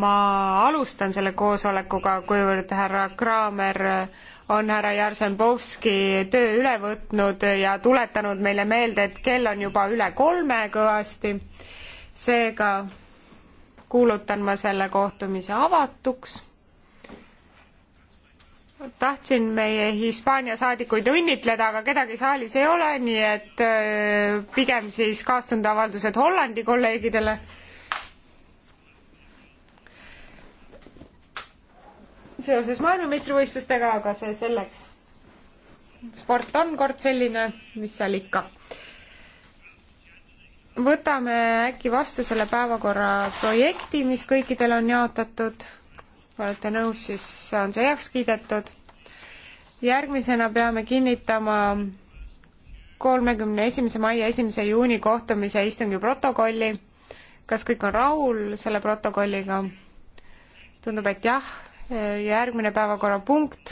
ma alustan selle koosolekuga, kuivõrd härra Kraamer on härra Jarsenbovski töö üle võtnud ja tuletanud meile meelde, et kell on juba üle kolme kõvasti. seega kuulutan ma selle kohtumise avatuks. tahtsin meie Hispaania saadikuid õnnitleda, aga kedagi saalis ei ole, nii et äh, pigem siis kaastundavaldused Hollandi kolleegidele seoses maailmameistrivõistlustega, aga see selleks. sport on kord selline, mis seal ikka. võtame äkki vastu selle päevakorra projekti, mis kõikidel on jaotatud. kui olete nõus, siis on see heaks kiidetud. järgmisena peame kinnitama kolmekümne esimese mai ja esimese juuni kohtumise istungi protokolli. kas kõik on rahul selle protokolliga? tundub, et jah järgmine päevakorrapunkt.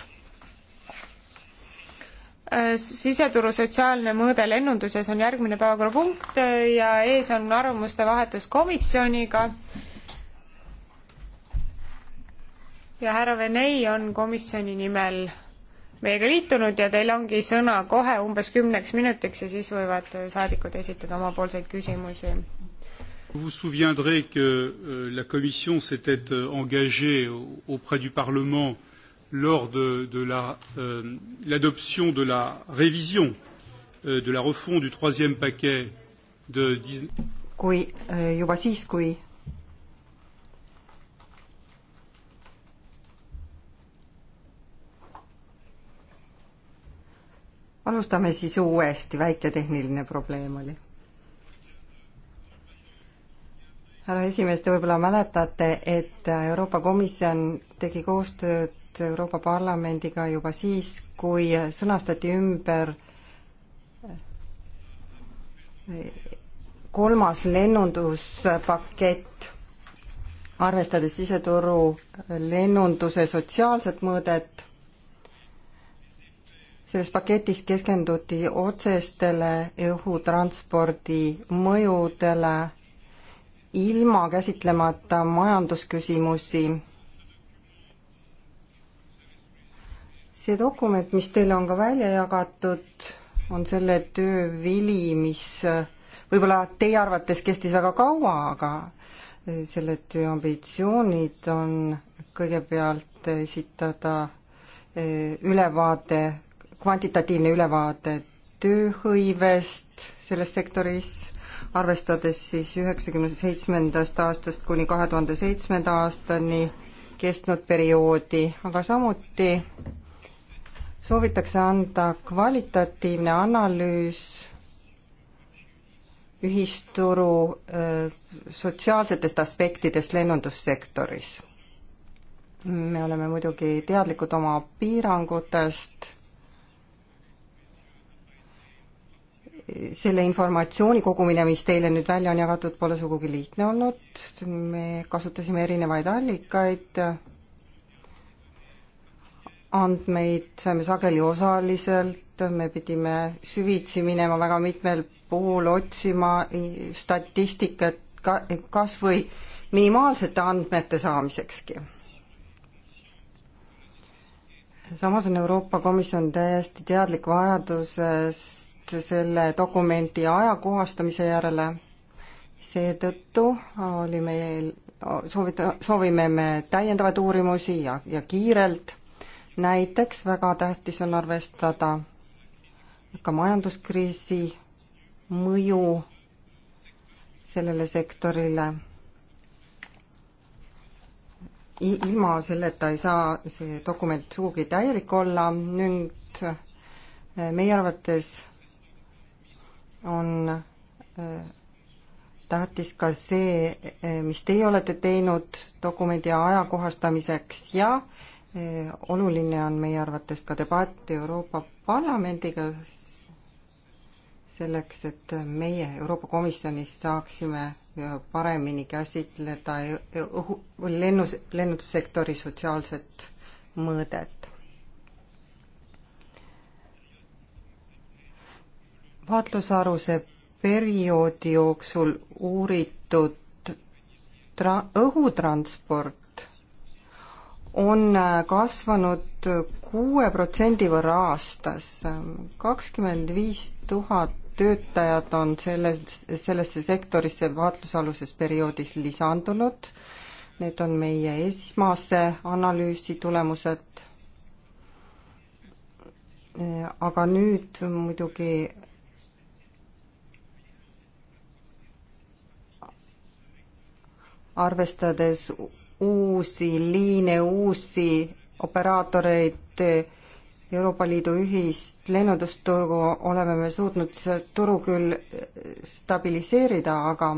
Äh, siseturu sotsiaalne mõõde lennunduses on järgmine päevakorrapunkt äh, ja ees on arvamuste vahetus komisjoniga. ja härra Venei on komisjoni nimel meiega liitunud ja teil ongi sõna kohe umbes kümneks minutiks ja siis võivad saadikud esitada omapoolseid küsimusi Vous vous souviendrez que euh, la Commission s'était euh, engagée auprès du Parlement lors de, de l'adoption la, euh, de la révision euh, de la refonte du troisième paquet de 19... kui äh, juba siis, kui alustame siis uuesti, väike tehniline probleem oli härra esimees, te võib-olla mäletate, et Euroopa Komisjon tegi koostööd Euroopa Parlamendiga juba siis, kui sõnastati ümber kolmas lennunduspakett, arvestades siseturu lennunduse sotsiaalset mõõdet selles paketis keskenduti otsestele õhutranspordi mõjudele ilma käsitlemata majandusküsimusi. see dokument, mis teile on ka välja jagatud, on selle töö vili, mis võib-olla teie arvates kestis väga kaua, aga selle töö ambitsioonid on kõigepealt esitada eh, ülevaade, kvantitatiivne ülevaade tööhõivest selles sektoris arvestades siis üheksakümne seitsmendast aastast kuni kahe tuhande seitsmenda aastani kestnud perioodi, aga samuti soovitakse anda kvalitatiivne analüüs ühisturu äh, sotsiaalsetest aspektidest lennundussektoris. me oleme muidugi teadlikud oma piirangutest selle informatsiooni kogumine, mis teile nüüd välja on jagatud, pole sugugi lihtne olnud, me kasutasime erinevaid allikaid, andmeid saime sageli osaliselt, me pidime süvitsi minema väga mitmel puhul otsima statistikat ka, kas või minimaalsete andmete saamisekski. samas on Euroopa Komisjon täiesti teadlik vajadusest selle dokumendi ajakohastamise järele. seetõttu oli meil, soovita-, soovime me täiendavaid uurimusi ja, ja kiirelt. näiteks väga tähtis on arvestada ka majanduskriisi mõju sellele sektorile. ilma selleta ei saa see dokument sugugi täielik olla ning meie arvates on äh, tähtis ka see, äh, mis teie olete teinud dokumendi ajakohastamiseks ja äh, oluline on meie arvates ka debatt Euroopa Parlamendiga selleks, et meie Euroopa Komisjonis saaksime paremini käsitleda õhu, lennus, lennundussektori sotsiaalset mõõdet vaatlusaruse perioodi jooksul uuritud tra-, õhutransport on äh, kasvanud kuue protsendi võrra aastas. kakskümmend viis tuhat töötajad on selles, sellesse sektorisse vaatlusaluses perioodis lisandunud. Need on meie esmase analüüsi tulemused. Äh, aga nüüd muidugi arvestades uusi liine, uusi operaatoreid, Euroopa Liidu ühist lennundusturgu oleme me suutnud turu küll stabiliseerida, aga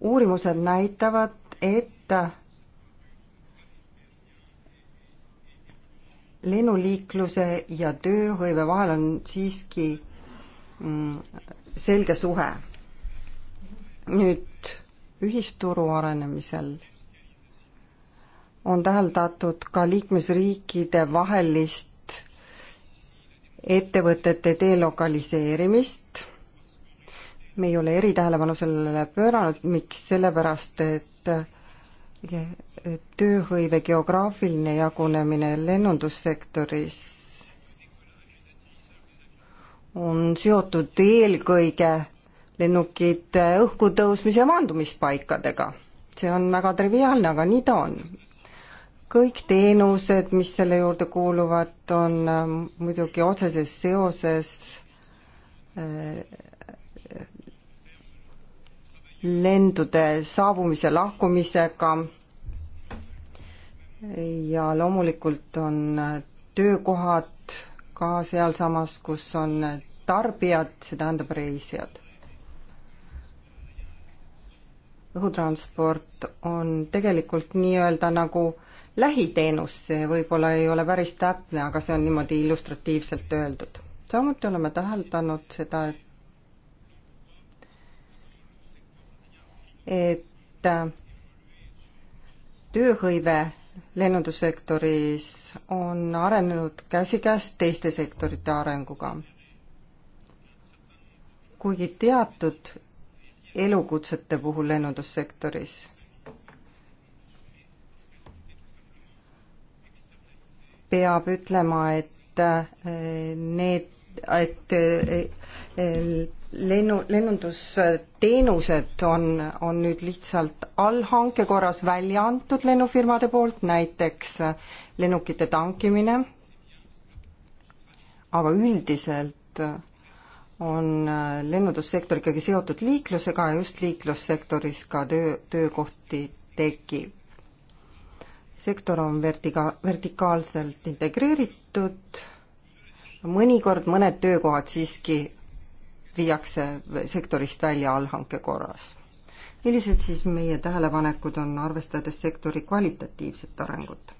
uurimused näitavad, et lennuliikluse ja tööhõive vahel on siiski mm, selge suhe nüüd ühisturu arenemisel on täheldatud ka liikmesriikide vahelist ettevõtete delokaliseerimist. me ei ole eritähelepanu sellele pööranud, miks, sellepärast et tööhõive geograafiline jagunemine lennundussektoris on seotud eelkõige lennukid õhkutõusmis- ja maandumispaikadega. see on väga triviaalne, aga nii ta on. kõik teenused, mis selle juurde kuuluvad, on äh, muidugi otseses seoses äh, lendude saabumise, lahkumisega ja loomulikult on äh, töökohad ka sealsamas, kus on tarbijad, see tähendab reisijad. õhutransport on tegelikult nii-öelda nagu lähiteenus, see võib-olla ei ole päris täpne, aga see on niimoodi illustratiivselt öeldud. samuti oleme täheldanud seda, et et tööhõive lennundussektoris on arenenud käsikäes teiste sektorite arenguga. kuigi teatud elukutsete puhul lennundussektoris peab ütlema, et eh, need, et eh, lennu, lennundusteenused on, on nüüd lihtsalt allhanke korras välja antud lennufirmade poolt, näiteks eh, lennukite tankimine, aga üldiselt on äh, lennundussektor ikkagi seotud liiklusega ja just liiklussektoris ka töö, töökohti tekib. sektor on vertiga-, vertikaalselt integreeritud, mõnikord mõned töökohad siiski viiakse sektorist välja allhanke korras. millised siis meie tähelepanekud on, arvestades sektori kvalitatiivset arengut?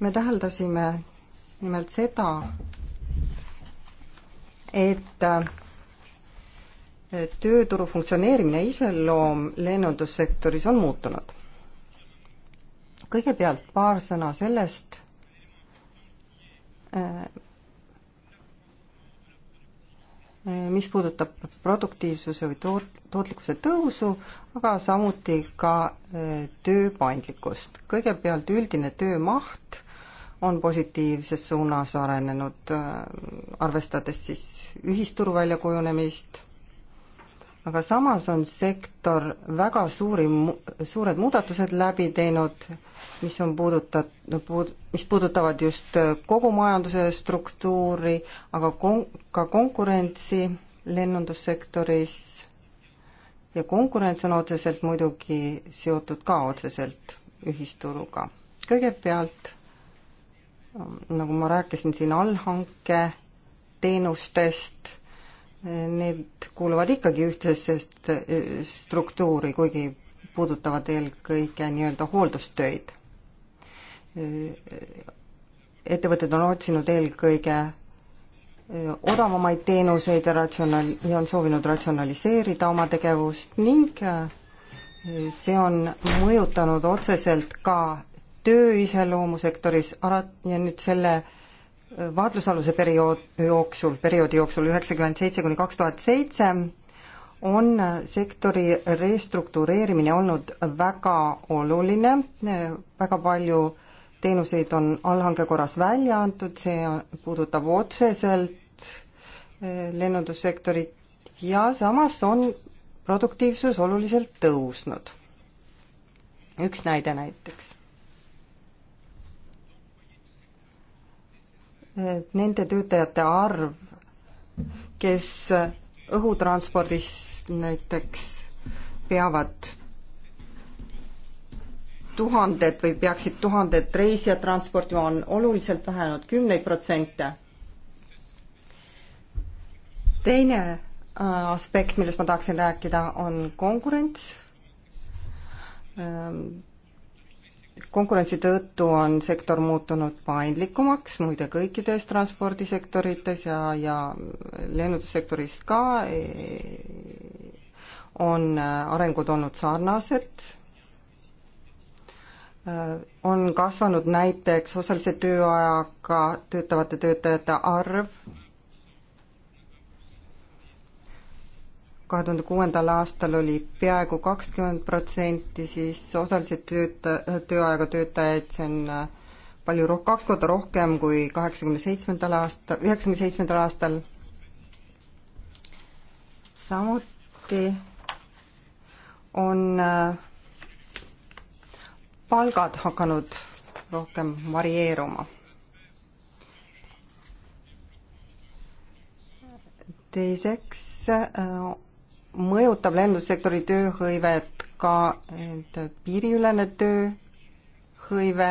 me täheldasime nimelt seda, et tööturu funktsioneerimine ja iseloom lennundussektoris on muutunud. kõigepealt paar sõna sellest, mis puudutab produktiivsuse või toot-, tootlikkuse tõusu, aga samuti ka eh, töö paindlikkust. kõigepealt üldine töömaht on positiivses suunas arenenud, arvestades siis ühisturu väljakujunemist, aga samas on sektor väga suuri, suured muudatused läbi teinud, mis on puudutat-, puud-, mis puudutavad just kogu majanduse struktuuri, aga kon-, ka konkurentsi lennundussektoris ja konkurents on otseselt muidugi seotud ka otseselt ühisturuga. kõigepealt nagu ma rääkisin siin allhanke teenustest, need kuuluvad ikkagi ühtsesse struktuuri, kuigi puudutavad eelkõige nii-öelda hooldustöid. ettevõtted on otsinud eelkõige eh, odavamaid teenuseid ja ratsional-, ja on soovinud ratsionaliseerida oma tegevust ning eh, see on mõjutanud otseselt ka töö iseloomusektoris ja nüüd selle äh, vaatlusaluse periood jooksul, perioodi jooksul üheksakümmend seitse kuni kaks tuhat seitse on äh, sektori restruktureerimine olnud väga oluline, äh, väga palju teenuseid on allhanke korras välja antud, see puudutab otseselt lennundussektorit ja samas on produktiivsus oluliselt tõusnud. üks näide näiteks nende töötajate arv, kes õhutranspordis näiteks peavad tuhanded või peaksid tuhanded reisijad transportima, on oluliselt vähenenud, kümneid protsente. teine äh, aspekt, millest ma tahaksin rääkida, on konkurents äh, konkurentsi tõttu on sektor muutunud paindlikumaks, muide kõikides transpordisektorites ja, ja lennundussektoris ka e, on äh, arengud olnud sarnased, äh, on kasvanud näiteks osalise tööajaga töötavate töötajate arv kahe tuhande kuuendal aastal oli peaaegu kakskümmend protsenti, siis osaliselt tööta-, tööajaga töötajaid, see on äh, palju roh-, kaks korda rohkem kui kaheksakümne seitsmendal aastal, üheksakümne seitsmendal aastal. samuti on äh, palgad hakanud rohkem varieeruma teiseks äh, mõjutab lennundussektori tööhõivet ka piiriülene tööhõive,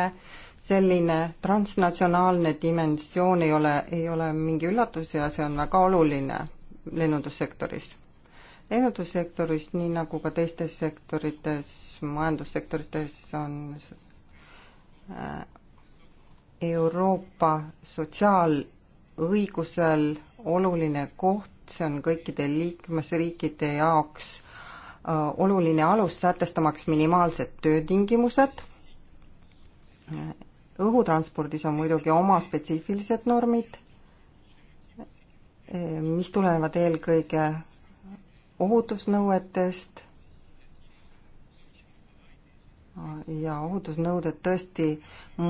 selline transnatsionaalne dimensioon ei ole, ei ole mingi üllatus ja see on väga oluline lennundussektoris. lennundussektoris, nii nagu ka teistes sektorites, majandussektorites on äh, Euroopa sotsiaalõigusel oluline koht, see on kõikide liikmesriikide jaoks äh, oluline alus sätestamaks minimaalsed töötingimused. õhutranspordis on muidugi oma spetsiifilised normid, äh, mis tulenevad eelkõige ohutusnõuetest ja ohutusnõuded tõesti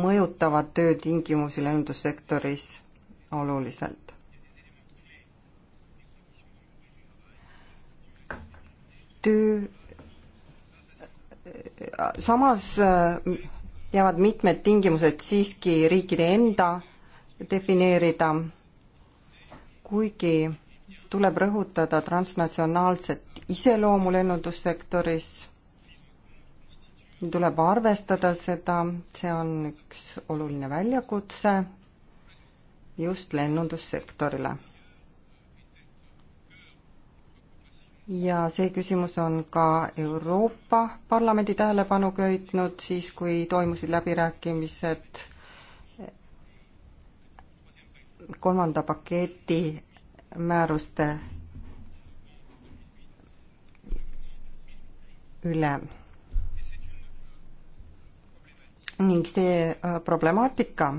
mõjutavad töötingimusi lennundussektoris oluliselt. töö, samas äh, jäävad mitmed tingimused siiski riikide enda defineerida, kuigi tuleb rõhutada transnatsionaalset iseloomu lennundussektoris, tuleb arvestada seda, see on üks oluline väljakutse just lennundussektorile ja see küsimus on ka Euroopa Parlamendi tähelepanu köitnud siis, kui toimusid läbirääkimised kolmanda paketi määruste üle. ning see äh, problemaatika,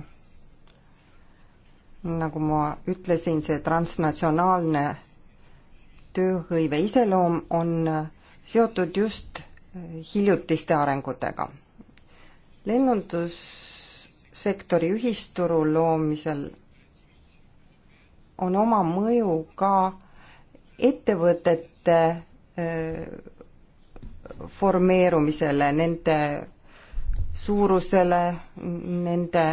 nagu ma ütlesin, see transnatsionaalne tööhõive iseloom on seotud just hiljutiste arengutega. lennundussektori ühisturu loomisel on oma mõju ka ettevõtete formeerumisele, nende suurusele, nende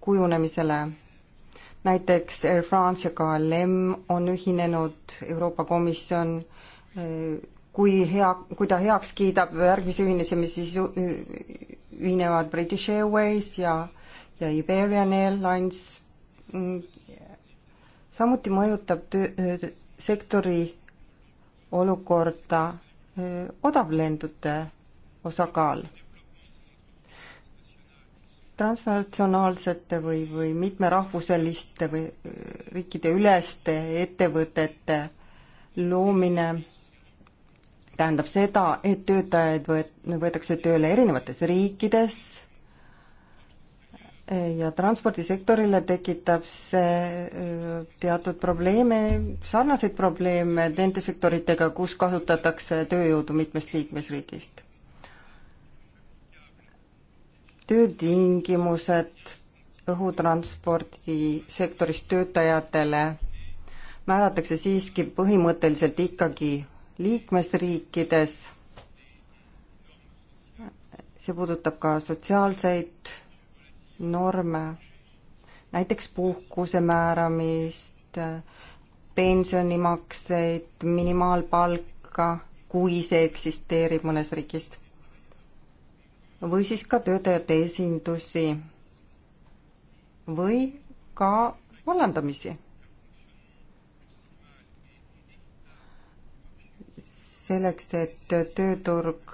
kujunemisele näiteks Air France ja KLM on ühinenud, Euroopa Komisjon kui hea, kui ta heaks kiidab järgmise ühinemise, siis ühinevad British Airways ja, ja Iberian Airlines. samuti mõjutab töö, sektori olukorda odavlendude osakaal transnatsionaalsete või, või mitmerahvuseliste või äh, riikide üleste ettevõtete loomine tähendab seda, et töötajaid võet-, võetakse tööle erinevates riikides äh, ja transpordisektorile tekitab see äh, teatud probleeme, sarnaseid probleeme nende sektoritega, kus kasutatakse tööjõudu mitmest liikmesriigist töötingimused õhutranspordisektoris töötajatele määratakse siiski põhimõtteliselt ikkagi liikmesriikides. see puudutab ka sotsiaalseid norme, näiteks puhkuse määramist, pensionimakseid, minimaalpalka, kui see eksisteerib mõnes riigis või siis ka töötajate esindusi või ka vallandamisi. selleks, et tööturg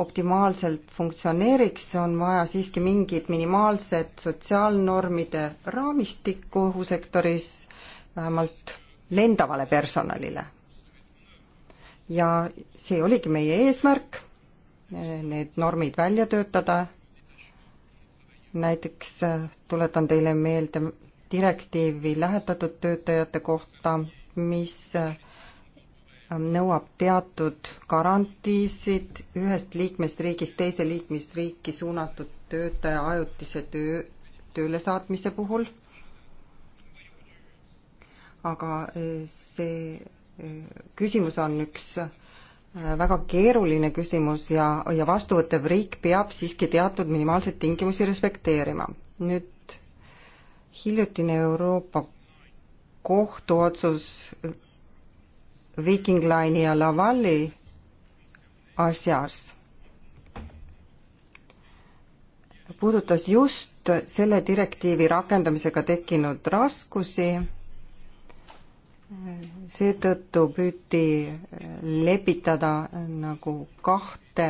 optimaalselt funktsioneeriks, on vaja siiski mingit minimaalset sotsiaalnormide raamistikku õhusektoris, vähemalt lendavale personalile. ja see oligi meie eesmärk need normid välja töötada. näiteks äh, tuletan teile meelde direktiivi lähetatud töötajate kohta, mis äh, nõuab teatud garantiisid ühest liikmesriigist teise liikmesriiki suunatud töötaja ajutise töö, tööle saatmise puhul. aga äh, see küsimus on üks väga keeruline küsimus ja, ja vastuvõttev riik peab siiski teatud minimaalseid tingimusi respekteerima. nüüd hiljutine Euroopa kohtuotsus Viking Line'i ja Lavalli asjas puudutas just selle direktiivi rakendamisega tekkinud raskusi seetõttu püüti lepitada nagu kahte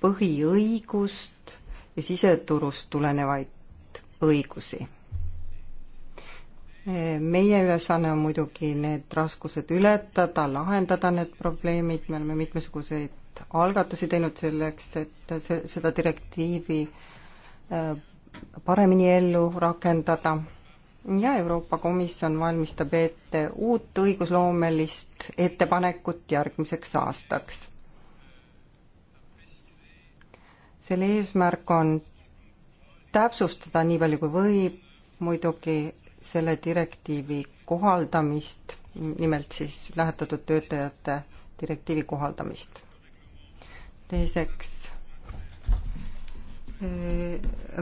põhiõigust ja siseturust tulenevaid õigusi. meie ülesanne on muidugi need raskused ületada, lahendada need probleemid, me oleme mitmesuguseid algatusi teinud selleks, et seda direktiivi äh, paremini ellu rakendada ja Euroopa Komisjon valmistab ette uut õigusloomelist ettepanekut järgmiseks aastaks. selle eesmärk on täpsustada nii palju kui võib muidugi selle direktiivi kohaldamist, nimelt siis lähetatud töötajate direktiivi kohaldamist. teiseks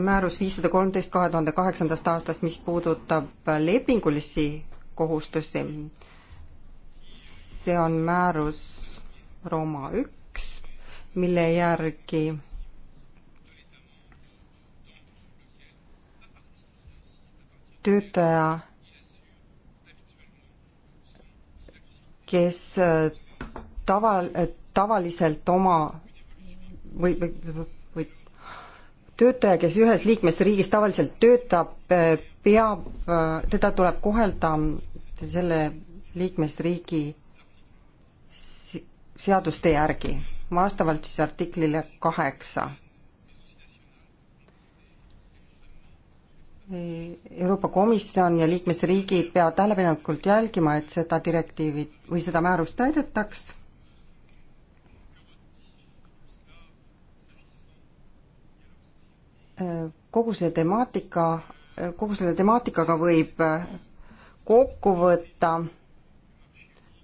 määrus viissada kolmteist kahe tuhande kaheksandast aastast, mis puudutab lepingulisi kohustusi. see on määrus Rooma üks, mille järgi töötaja, kes eh, tava, eh, tavaliselt oma või, või töötaja, kes ühes liikmesriigis tavaliselt töötab, eh, peab, eh, teda tuleb kohelda selle liikmesriigi seaduste järgi, vastavalt siis artiklile kaheksa. Euroopa Komisjon ja liikmesriigid peavad tähelepanelikult jälgima, et seda direktiivi või seda määrust täidetaks kogu see temaatika, kogu selle temaatikaga võib äh, kokku võtta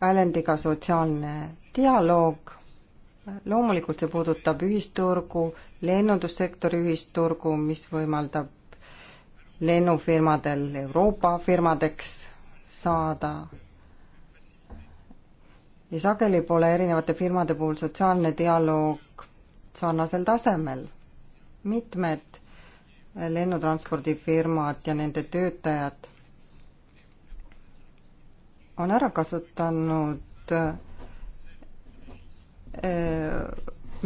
väljendiga sotsiaalne dialoog. loomulikult see puudutab ühisturgu, lennundussektori ühisturgu, mis võimaldab lennufirmadel Euroopa firmadeks saada. ja sageli pole erinevate firmade puhul sotsiaalne dialoog sarnasel tasemel. mitmed lennutranspordifirmad ja nende töötajad on ära kasutanud äh,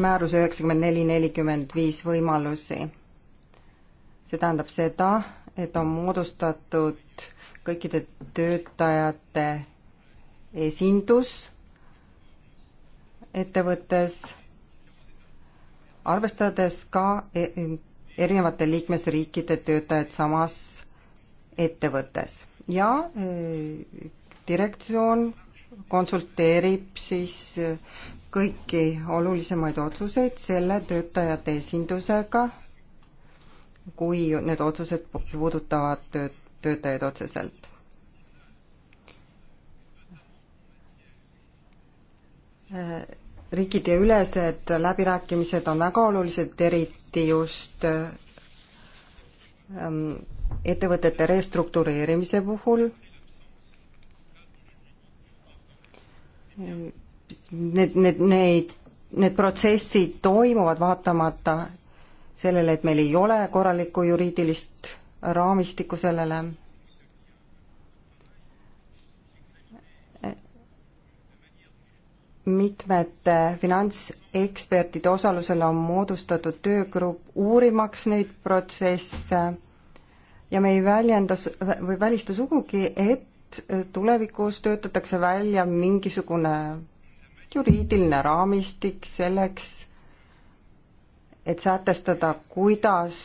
määruse üheksakümmend neli nelikümmend viis võimalusi. see tähendab seda, et on moodustatud kõikide töötajate esindus ettevõttes, arvestades ka erinevate liikmesriikide töötajad samas ettevõttes ja eh, direktsioon konsulteerib siis eh, kõiki olulisemaid otsuseid selle töötajate esindusega, kui need otsused puudutavad tööd, töötajaid otseselt. Eh, riikide ülesed läbirääkimised on väga olulised, eri, eriti just ähm, ettevõtete restruktureerimise puhul. Need, need, neid, need protsessid toimuvad vaatamata sellele, et meil ei ole korralikku juriidilist raamistikku sellele mitmete finantsekspertide osalusel on moodustatud töögrupp uurimaks neid protsesse ja me ei väljenda või välista sugugi, et tulevikus töötatakse välja mingisugune juriidiline raamistik selleks, et sätestada, kuidas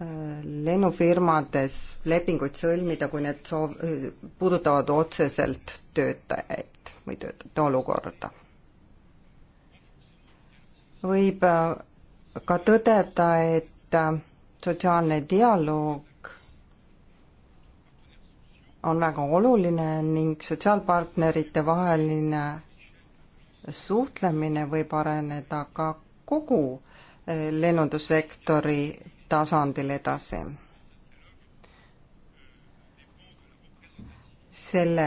äh, lennufirmades lepinguid sõlmida, kui need soov, puudutavad otseselt töötajaid. Liidut või töötajate olukorda. võib äh, ka tõdeda, et äh, sotsiaalne dialoog on väga oluline ning sotsiaalpartnerite vaheline suhtlemine võib areneda ka kogu äh, lennundussektori tasandil edasi selle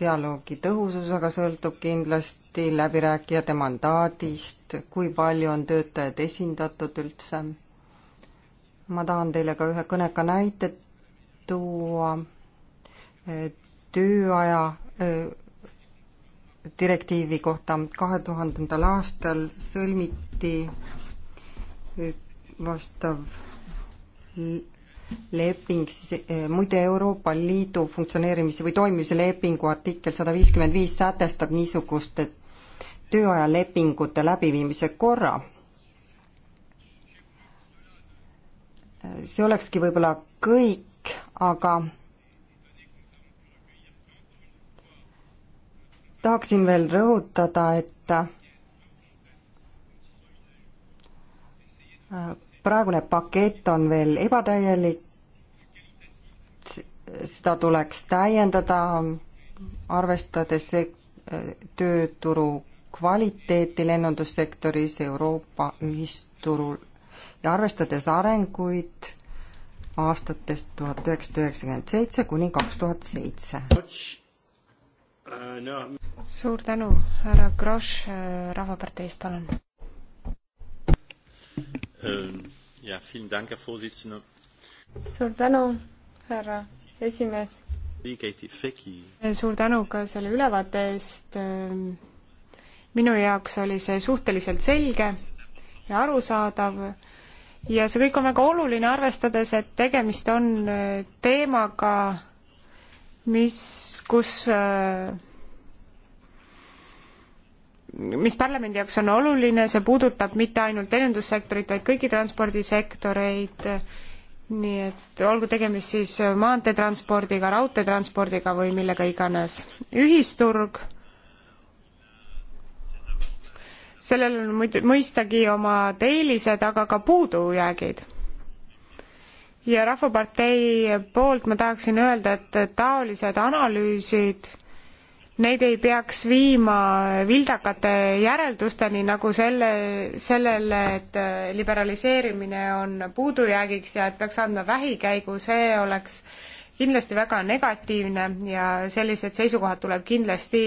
dialoogi tõhusus aga sõltub kindlasti läbirääkijate mandaadist, kui palju on töötajad esindatud üldse. ma tahan teile ka ühe kõneka näite tuua. tööaja direktiivi kohta kahe tuhandendal aastal sõlmiti vastav leping, eh, muide Euroopa Liidu funktsioneerimise või toimimise lepingu artikkel sada viiskümmend viis sätestab niisuguste tööajalepingute läbiviimise korra. Eh, see olekski võib-olla kõik, aga tahaksin veel rõhutada, et eh, praegune pakett on veel ebatäielik, seda tuleks täiendada, arvestades eh, tööturu kvaliteeti lennundussektoris Euroopa ühisturul ja arvestades arenguid aastatest tuhat üheksasada üheksakümmend seitse kuni kaks tuhat seitse. suur tänu, härra Grosch eh, Rahvaparteist, palun. Ähm, suur tänu, härra esimees. suur tänu ka selle ülevaate eest. minu jaoks oli see suhteliselt selge ja arusaadav ja see kõik on väga oluline, arvestades, et tegemist on teemaga, mis, kus äh, mis parlamendi jaoks on oluline, see puudutab mitte ainult teenindussektorit, vaid kõiki transpordisektoreid, nii et olgu tegemist siis maanteetranspordiga, raudteetranspordiga või millega iganes. ühisturg, sellel on muid-, mõistagi omad eelised, aga ka puudujäägid. ja Rahvapartei poolt ma tahaksin öelda, et taolised analüüsid neid ei peaks viima vildakate järeldusteni, nagu selle, sellele, et äh, liberaliseerimine on puudujäägiks ja et peaks andma vähikäigu, see oleks kindlasti väga negatiivne ja sellised seisukohad tuleb kindlasti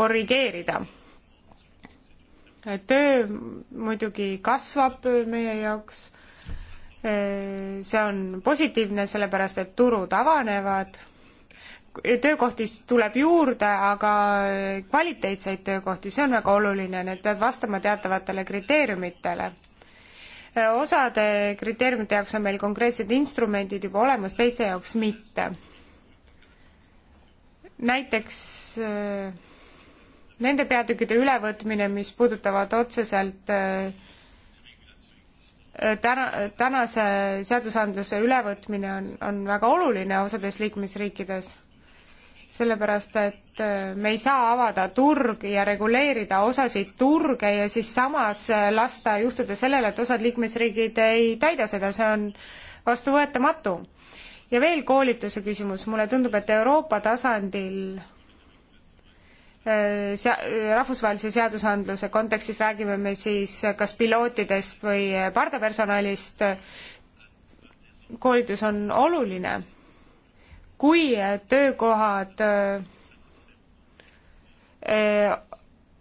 korrigeerida. töö muidugi kasvab meie jaoks, äh, see on positiivne, sellepärast et turud avanevad töökohti tuleb juurde, aga kvaliteetseid töökohti, see on väga oluline, need peavad vastama teatavatele kriteeriumitele. osade kriteeriumite jaoks on meil konkreetsed instrumendid juba olemas, teiste jaoks mitte. näiteks äh, nende peatükkide ülevõtmine, mis puudutavad otseselt äh, äh, täna, tänase seadusandluse ülevõtmine on, on väga oluline osades liikmesriikides sellepärast et äh, me ei saa avada turg ja reguleerida osasid turge ja siis samas äh, lasta juhtuda sellele, et osad liikmesriigid ei täida seda, see on vastuvõetamatu. ja veel koolituse küsimus, mulle tundub, et Euroopa tasandil äh, sea-, rahvusvahelise seadusandluse kontekstis räägime me siis kas pilootidest või pardapersonalist, koolitus on oluline kui töökohad äh,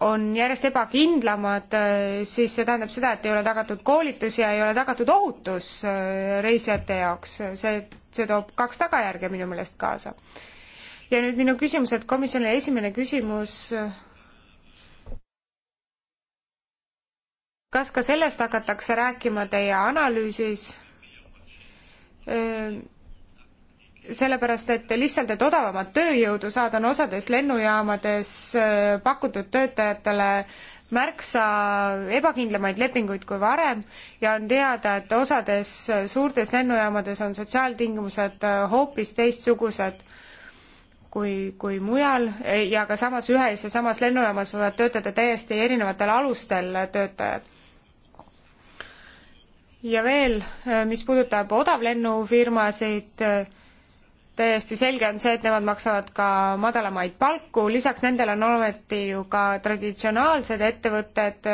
on järjest ebakindlamad, äh, siis see tähendab seda, et ei ole tagatud koolitus ja ei ole tagatud ohutus äh, reisijate jaoks. see, see toob kaks tagajärge minu meelest kaasa. ja nüüd minu küsimused komisjonile, esimene küsimus. kas ka sellest hakatakse rääkima teie analüüsis? sellepärast, et lihtsalt, et odavamat tööjõudu saada, on osades lennujaamades äh, pakutud töötajatele märksa ebakindlamaid lepinguid kui varem ja on teada, et osades äh, suurtes lennujaamades on sotsiaaltingimused äh, hoopis teistsugused kui, kui mujal ja ka samas ühes ja samas lennujaamas võivad töötada täiesti erinevatel alustel töötajad. ja veel, mis puudutab odavlennufirmasid, täiesti selge on see, et nemad maksavad ka madalamaid palku, lisaks nendele on ometi ju ka traditsionaalsed ettevõtted,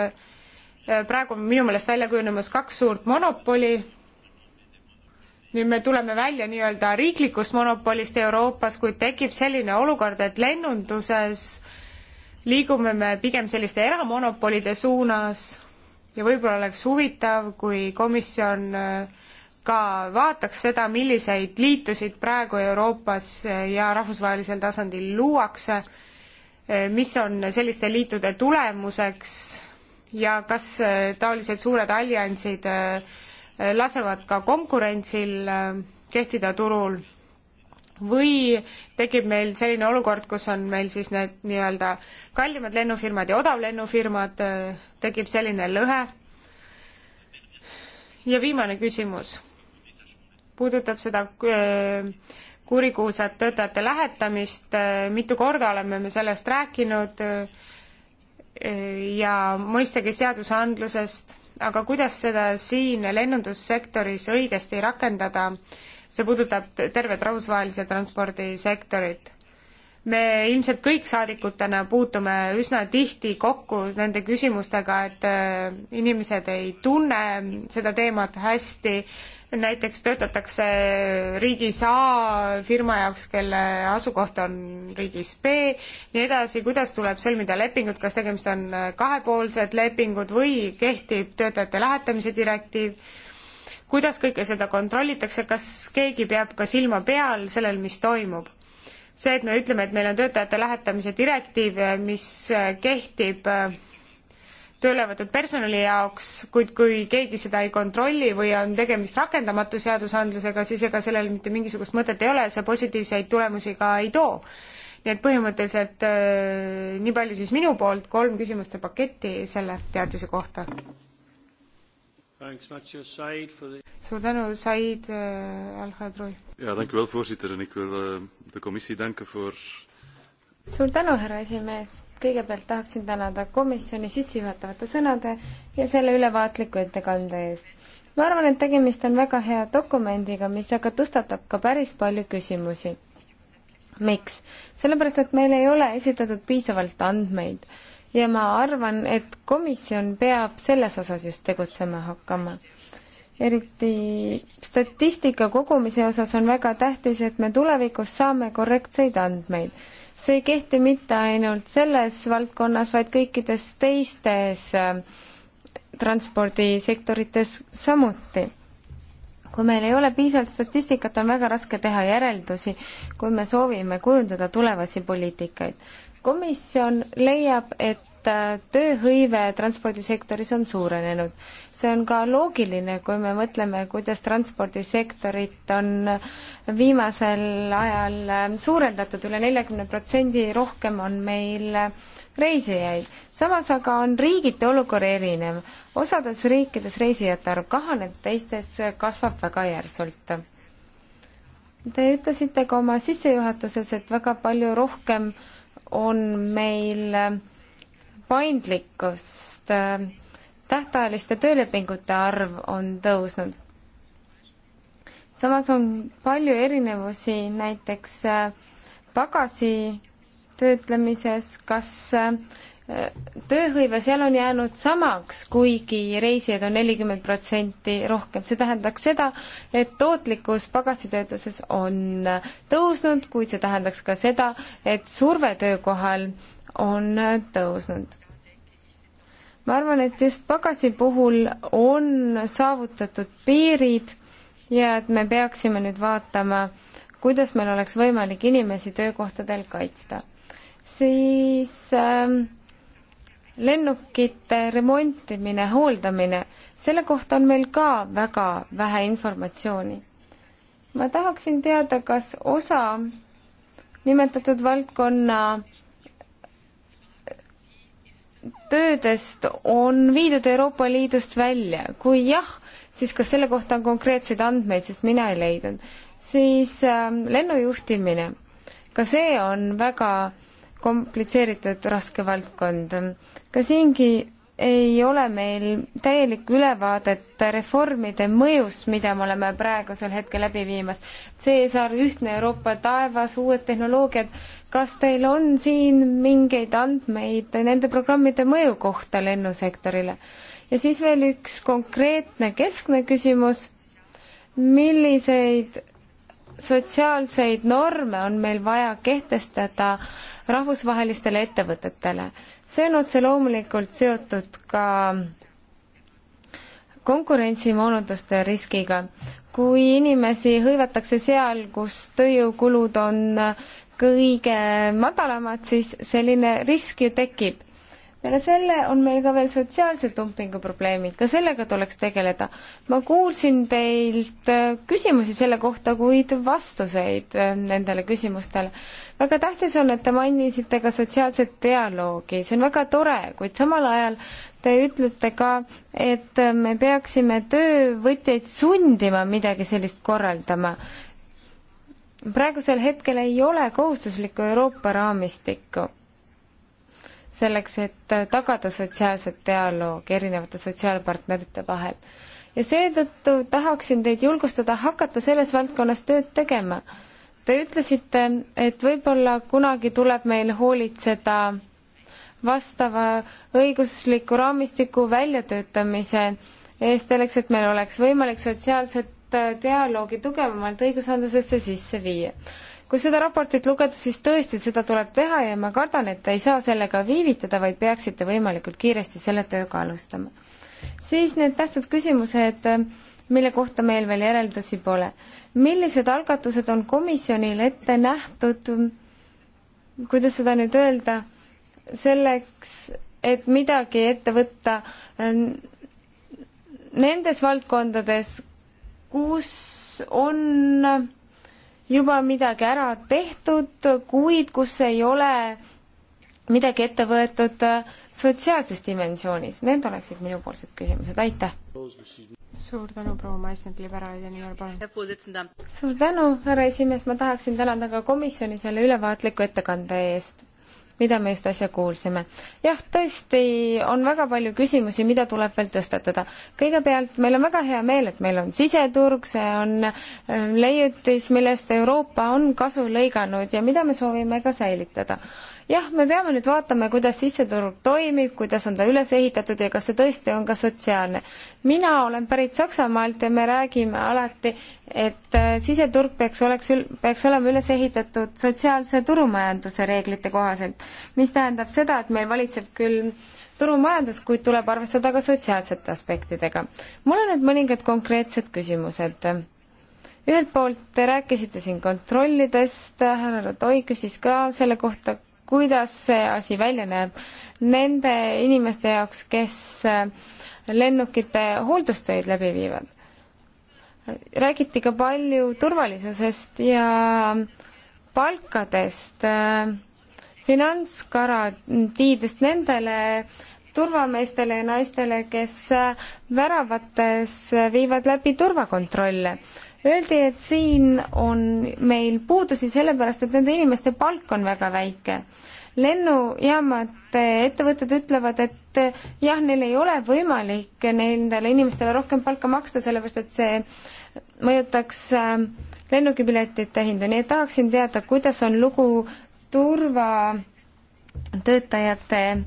praegu on minu meelest välja kujunemas kaks suurt monopoli, nüüd me tuleme välja nii-öelda riiklikust monopolist Euroopas, kuid tekib selline olukord, et lennunduses liigume me pigem selliste eramonopolide suunas ja võib-olla oleks huvitav, kui komisjon äh, ka vaataks seda, milliseid liitusid praegu Euroopas ja rahvusvahelisel tasandil luuakse, mis on selliste liitude tulemuseks ja kas taolised suured alliansid äh, lasevad ka konkurentsil äh, kehtida turul või tekib meil selline olukord, kus on meil siis need nii-öelda kallimad lennufirmad ja odavlennufirmad, äh, tekib selline lõhe. ja viimane küsimus puudutab seda äh, kurikuulsat töötajate lähetamist, äh, mitu korda oleme me sellest rääkinud äh, ja mõistagi seadusandlusest, aga kuidas seda siin lennundussektoris õigesti rakendada, see puudutab tervet rahvusvahelise transpordi sektorit. me ilmselt kõik saadikutena puutume üsna tihti kokku nende küsimustega, et inimesed ei tunne seda teemat hästi näiteks töötatakse riigis A firma jaoks, kelle asukoht on riigis B, nii edasi, kuidas tuleb sõlmida lepingud, kas tegemist on kahepoolsed lepingud või kehtib töötajate lähetamise direktiiv, kuidas kõike seda kontrollitakse, kas keegi peab ka silma peal sellel, mis toimub? see, et me ütleme, et meil on töötajate lähetamise direktiiv, mis kehtib äh, tööle võetud personali jaoks, kuid kui keegi seda ei kontrolli või on tegemist rakendamatu seadusandlusega, siis ega sellel mitte mingisugust mõtet ei ole, see positiivseid tulemusi ka ei too. nii et põhimõtteliselt äh, nii palju siis minu poolt, kolm küsimuste paketti selle teaduse kohta. suur tänu, Said äh, Al-Khadrui. jaa, tänan, voorzitter, ja ma tänan komisjoni, tänan suur tänu, härra esimees kõigepealt tahaksin tänada komisjoni sissejuhatavate sõnade ja selle ülevaatliku ettekande eest. ma arvan, et tegemist on väga hea dokumendiga, mis aga tõstatab ka päris palju küsimusi. miks? sellepärast, et meil ei ole esitatud piisavalt andmeid ja ma arvan, et komisjon peab selles osas just tegutsema hakkama eriti statistika kogumise osas on väga tähtis, et me tulevikus saame korrektseid andmeid see ei kehti mitte ainult selles valdkonnas, vaid kõikides teistes äh, transpordisektorites samuti. kui meil ei ole piisavalt statistikat, on väga raske teha järeldusi, kui me soovime kujundada tulevasi poliitikaid. komisjon leiab, et et äh, tööhõive transpordisektoris on suurenenud. see on ka loogiline, kui me mõtleme, kuidas transpordisektorit on viimasel ajal äh, suurendatud üle, üle neljakümne protsendi rohkem on meil äh, reisijaid. samas aga on riigiti olukord erinev. osades riikides reisijate arv kahaneb, teistes kasvab väga järsult Te ütlesite ka oma sissejuhatuses, et väga palju rohkem on meil paindlikkust, äh, tähtajaliste töölepingute arv on tõusnud. samas on palju erinevusi näiteks äh, pagasi töötlemises, kas äh, tööhõive seal on jäänud samaks, kuigi reisijaid on nelikümmend protsenti rohkem. see tähendaks seda, et tootlikkus pagasitöötluses on tõusnud, kuid see tähendaks ka seda, et surve töökohal on tõusnud. ma arvan, et just pagasi puhul on saavutatud piirid ja et me peaksime nüüd vaatama, kuidas meil oleks võimalik inimesi töökohtadel kaitsta. siis ähm, lennukite remontimine, hooldamine, selle kohta on meil ka väga vähe informatsiooni. ma tahaksin teada, kas osa nimetatud valdkonna töödest on viidud Euroopa Liidust välja? kui jah, siis kas selle kohta on konkreetseid andmeid, sest mina ei leidnud. siis äh, lennujuhtimine, ka see on väga komplitseeritud, raske valdkond. ka siingi ei ole meil täielikku ülevaadet reformide mõjust, mida me oleme praegusel hetkel läbi viimas. CSR, Ühtne Euroopa taevas, uued tehnoloogiad, kas teil on siin mingeid andmeid nende programmide mõju kohta lennusektorile? ja siis veel üks konkreetne keskne küsimus, milliseid sotsiaalseid norme on meil vaja kehtestada rahvusvahelistele ettevõtetele. see on otse loomulikult seotud ka konkurentsimoonutuste riskiga. kui inimesi hõivatakse seal, kus tööjõukulud on kõige madalamad, siis selline risk ju tekib. peale selle on meil ka veel sotsiaalse dumpingu probleemid, ka sellega tuleks tegeleda. ma kuulsin teilt äh, küsimusi selle kohta, kuid vastuseid äh, nendele küsimustele. väga tähtis on, et te mainisite ka sotsiaalset dialoogi, see on väga tore, kuid samal ajal te ütlete ka, et me peaksime töövõtjaid sundima midagi sellist korraldama praegusel hetkel ei ole kohustuslikku Euroopa raamistikku selleks, et tagada sotsiaalset dialoogi erinevate sotsiaalpartnerite vahel. ja seetõttu tahaksin teid julgustada hakata selles valdkonnas tööd tegema. Te ütlesite, et võib-olla kunagi tuleb meil hoolitseda vastava õigusliku raamistiku väljatöötamise eest selleks, et meil oleks võimalik sotsiaalset Äh, dialoogi tugevamalt õigusandlusesse sisse viia. kui seda raportit lugeda, siis tõesti, seda tuleb teha ja ma kardan, et te ei saa sellega viivitada, vaid peaksite võimalikult kiiresti selle tööga alustama. siis need tähtsad küsimused, äh, mille kohta meil veel järeldusi pole. millised algatused on komisjonil ette nähtud, kuidas seda nüüd öelda, selleks, et midagi ette võtta äh, nendes valdkondades, kus on juba midagi ära tehtud, kuid kus ei ole midagi ette võetud sotsiaalses dimensioonis. Need oleksid minupoolsed küsimused, aitäh! suur tänu, proua Maisnik, liberaalide nimel, palun! suur tänu, härra esimees, ma tahaksin tänada ka komisjoni selle ülevaatliku ettekande eest mida me just äsja kuulsime. jah, tõesti on väga palju küsimusi, mida tuleb veel tõstatada. kõigepealt meil on väga hea meel, et meil on siseturg, see on ähm, leiutis, millest Euroopa on kasu lõiganud ja mida me soovime ka säilitada jah, me peame nüüd vaatama, kuidas sisseturg toimib, kuidas on ta üles ehitatud ja kas see tõesti on ka sotsiaalne. mina olen pärit Saksamaalt ja me räägime alati, et äh, siseturg peaks oleks, peaks olema üles ehitatud sotsiaalse turumajanduse reeglite kohaselt mis tähendab seda, et meil valitseb küll turumajandus, kuid tuleb arvestada ka sotsiaalsete aspektidega. mul on nüüd mõningad konkreetsed küsimused. ühelt poolt te rääkisite siin kontrollidest, härra Radoi küsis ka selle kohta, kuidas see asi välja näeb nende inimeste jaoks, kes äh, lennukite hooldustöid läbi viivad. räägiti ka palju turvalisusest ja palkadest äh, finantsgarantiidest nendele turvameestele ja naistele, kes väravates viivad läbi turvakontrolle. Öeldi, et siin on meil puudusi sellepärast, et nende inimeste palk on väga väike. lennujaamade ettevõtted ütlevad, et jah, neil ei ole võimalik nendele inimestele rohkem palka maksta, sellepärast et see mõjutaks lennukipiletite hinda, nii et tahaksin teada, kuidas on lugu turvatöötajate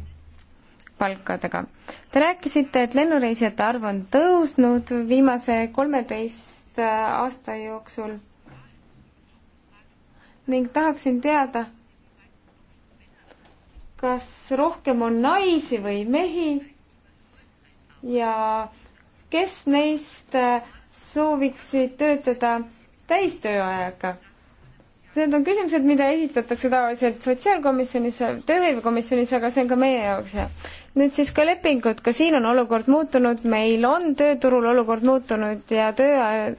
palkadega. Te rääkisite, et lennureisijate arv on tõusnud viimase kolmeteist äh, aasta jooksul ning tahaksin teada, kas rohkem on naisi või mehi ja kes neist äh, sooviksid töötada täistööajaga Need on küsimused, mida esitatakse tavaliselt sotsiaalkomisjonis, tööhõivekomisjonis, aga see on ka meie jaoks. nüüd siis ka lepingud, ka siin on olukord muutunud, meil on tööturul olukord muutunud ja tööajal,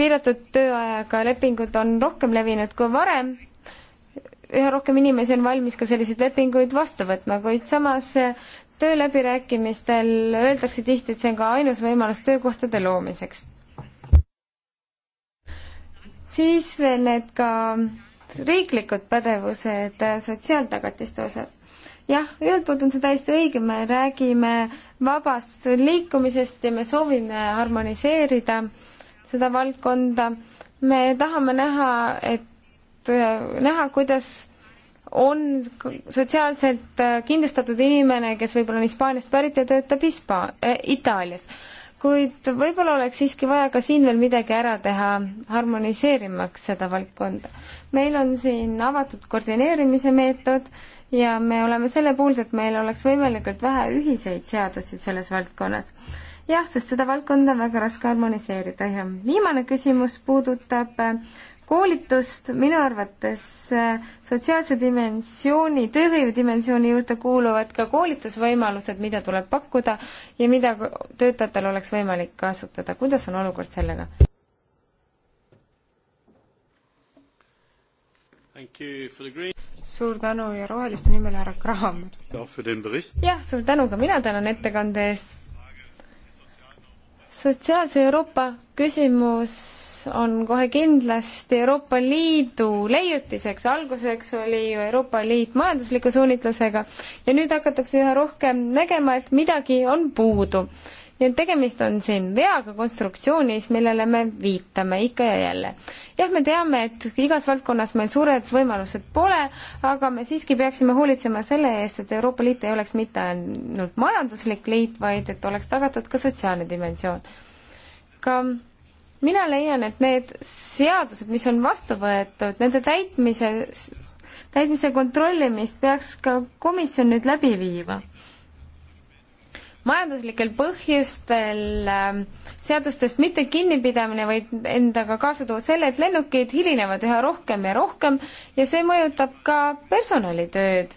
piiratud tööajaga lepingud on rohkem levinud kui varem. üha rohkem inimesi on valmis ka selliseid lepinguid vastu võtma, kuid samas tööläbirääkimistel öeldakse tihti, et see on ka ainus võimalus töökohtade loomiseks siis veel need ka riiklikud pädevused sotsiaaltagatiste osas. jah, ühelt poolt on see täiesti õige, me räägime vabast liikumisest ja me soovime harmoniseerida seda valdkonda. me tahame näha, et näha, kuidas on sotsiaalselt kindlustatud inimene, kes võib-olla on Hispaaniast pärit ja töötab Hispa- äh,, Itaalias kuid võib-olla oleks siiski vaja ka siin veel midagi ära teha, harmoniseerimaks seda valdkonda. meil on siin avatud koordineerimise meetod ja me oleme selle poolt, et meil oleks võimalikult vähe ühiseid seadusi selles valdkonnas. jah, sest seda valdkonda on väga raske harmoniseerida ja viimane küsimus puudutab äh, koolitust minu arvates äh, sotsiaalse dimensiooni, tööhõive dimensiooni juurde kuuluvad ka koolitusvõimalused, mida tuleb pakkuda ja mida töötajatel oleks võimalik kasutada. kuidas on olukord sellega? suur tänu ja Roheliste nimel härra Kraam. jah, suur tänu ka mina tänan ettekande eest sotsiaalse Euroopa küsimus on kohe kindlasti Euroopa Liidu leiutiseks, alguseks oli ju Euroopa Liit majandusliku suunitlusega ja nüüd hakatakse üha rohkem nägema, et midagi on puudu nii et tegemist on siin veaga konstruktsioonis, millele me viitame ikka ja jälle. jah, me teame, et igas valdkonnas meil suured võimalused pole, aga me siiski peaksime hoolitsema selle eest, et Euroopa Liit ei oleks mitte ainult majanduslik liit, vaid et oleks tagatud ka sotsiaalne dimensioon. ka mina leian, et need seadused, mis on vastu võetud, nende täitmise, täitmise kontrollimist peaks ka komisjon nüüd läbi viima majanduslikel põhjustel ähm, seadustest mitte kinnipidamine võib endaga kaasa tuua selle, et lennukid hilinevad üha rohkem ja rohkem ja see mõjutab ka personalitööd.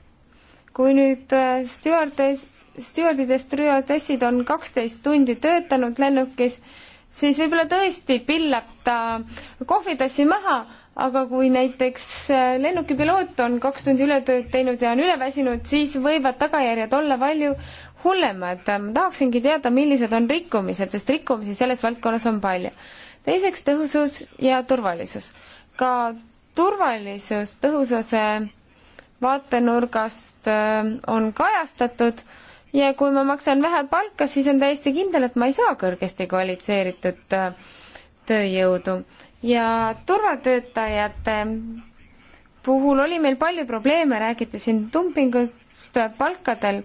kui nüüd äh, stjuardes, stjuardidest stjuardessid on kaksteist tundi töötanud lennukis, siis võib-olla tõesti pillab ta kohvitassi maha, aga kui näiteks äh, lennukipiloot on kaks tundi ületööd teinud ja on üleväsinud, siis võivad tagajärjed olla palju hullemad. ma ähm, tahaksingi teada, millised on rikkumised, sest rikkumisi selles valdkonnas on palju. teiseks tõhusus ja turvalisus. ka turvalisus tõhususe vaatenurgast ähm, on kajastatud ja kui ma maksan vähe palka, siis on täiesti kindel, et ma ei saa kõrgesti kvalifitseeritud äh, tööjõudu. ja turvatöötajate puhul oli meil palju probleeme, räägiti siin dumpingust palkadel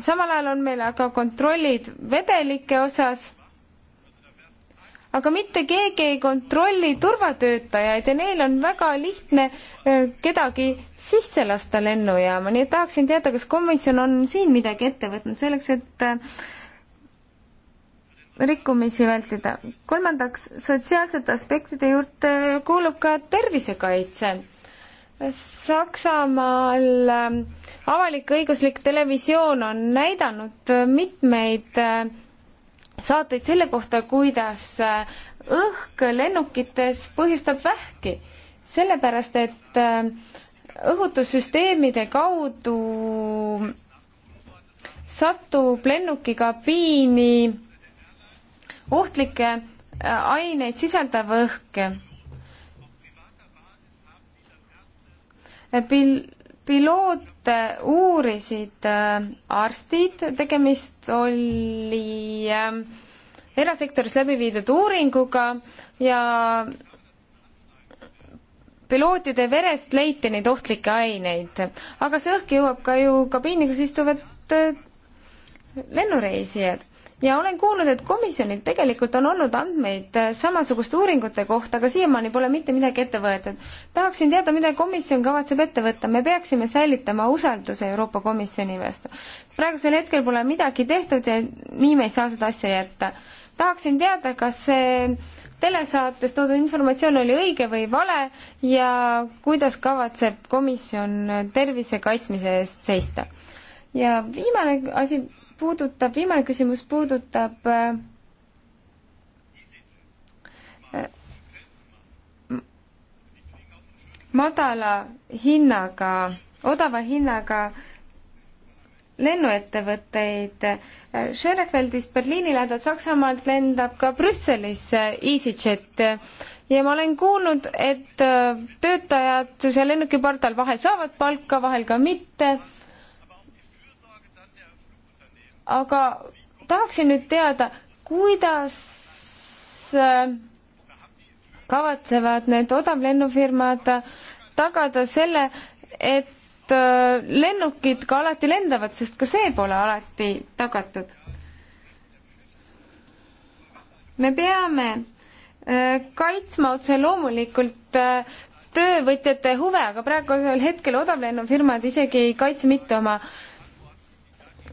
samal ajal on meil aga kontrollid vedelike osas, aga mitte keegi ei kontrolli turvatöötajaid ja neil on väga lihtne äh, kedagi sisse lasta lennujaama, nii et tahaksin teada, kas komisjon on siin midagi ette võtnud selleks, et äh, rikkumisi vältida. kolmandaks, sotsiaalsete aspektide juurde kuulub ka tervisekaitse Saksamaal ähm, avalik-õiguslik televisioon on näidanud äh, mitmeid äh, saateid selle kohta, kuidas äh, õhk lennukites põhjustab vähki, sellepärast et õhutussüsteemide kaudu satub lennukikabiini ohtlikke aineid sisaldav õhk pil-, piloote uurisid äh, arstid, tegemist oli äh, erasektoris läbi viidud uuringuga ja pilootide verest leiti neid ohtlikke aineid, aga see õhk jõuab ka ju kabiinides istuvad äh, lennureisijad ja olen kuulnud, et komisjonil tegelikult on olnud andmeid äh, samasuguste uuringute kohta, aga siiamaani pole mitte midagi ette võetud. tahaksin teada, mida komisjon kavatseb ette võtta, me peaksime säilitama usalduse Euroopa Komisjoni vastu. praegusel hetkel pole midagi tehtud ja nii me ei saa seda asja jätta. tahaksin teada, kas see telesaates toodud informatsioon oli õige või vale ja kuidas kavatseb komisjon tervise kaitsmise eest seista. ja viimane asi puudutab, viimane küsimus puudutab äh, madala hinnaga, odava hinnaga lennuettevõtteid. Schönefeldist Berliini lähedalt Saksamaalt lendab ka Brüsselisse EasyJet ja ma olen kuulnud, et töötajad seal lennukipardal vahel saavad palka, vahel ka mitte aga tahaksin nüüd teada, kuidas äh, kavatsevad need odavlennufirmad tagada selle, et äh, lennukid ka alati lendavad, sest ka see pole alati tagatud. me peame äh, kaitsma otse loomulikult töövõtjate huve, aga praegusel hetkel odavlennufirmad isegi ei kaitse mitte oma äh,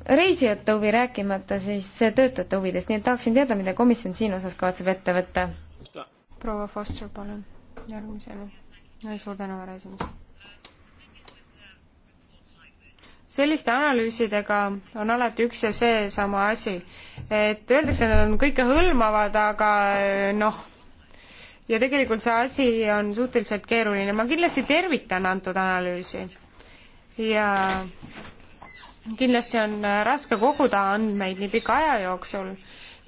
reisijate huvi rääkimata siis töötajate huvidest, nii et tahaksin teada, mida komisjon siin osas kavatseb ette võtta. proua Foster, palun, järgmisena. suur tänu, härra esimees. selliste analüüsidega on alati üks ja seesama asi, et öeldakse, et nad on kõikehõlmavad, aga äh, noh, ja tegelikult see asi on suhteliselt keeruline, ma kindlasti tervitan antud analüüsi ja kindlasti on äh, raske koguda andmeid nii pika aja jooksul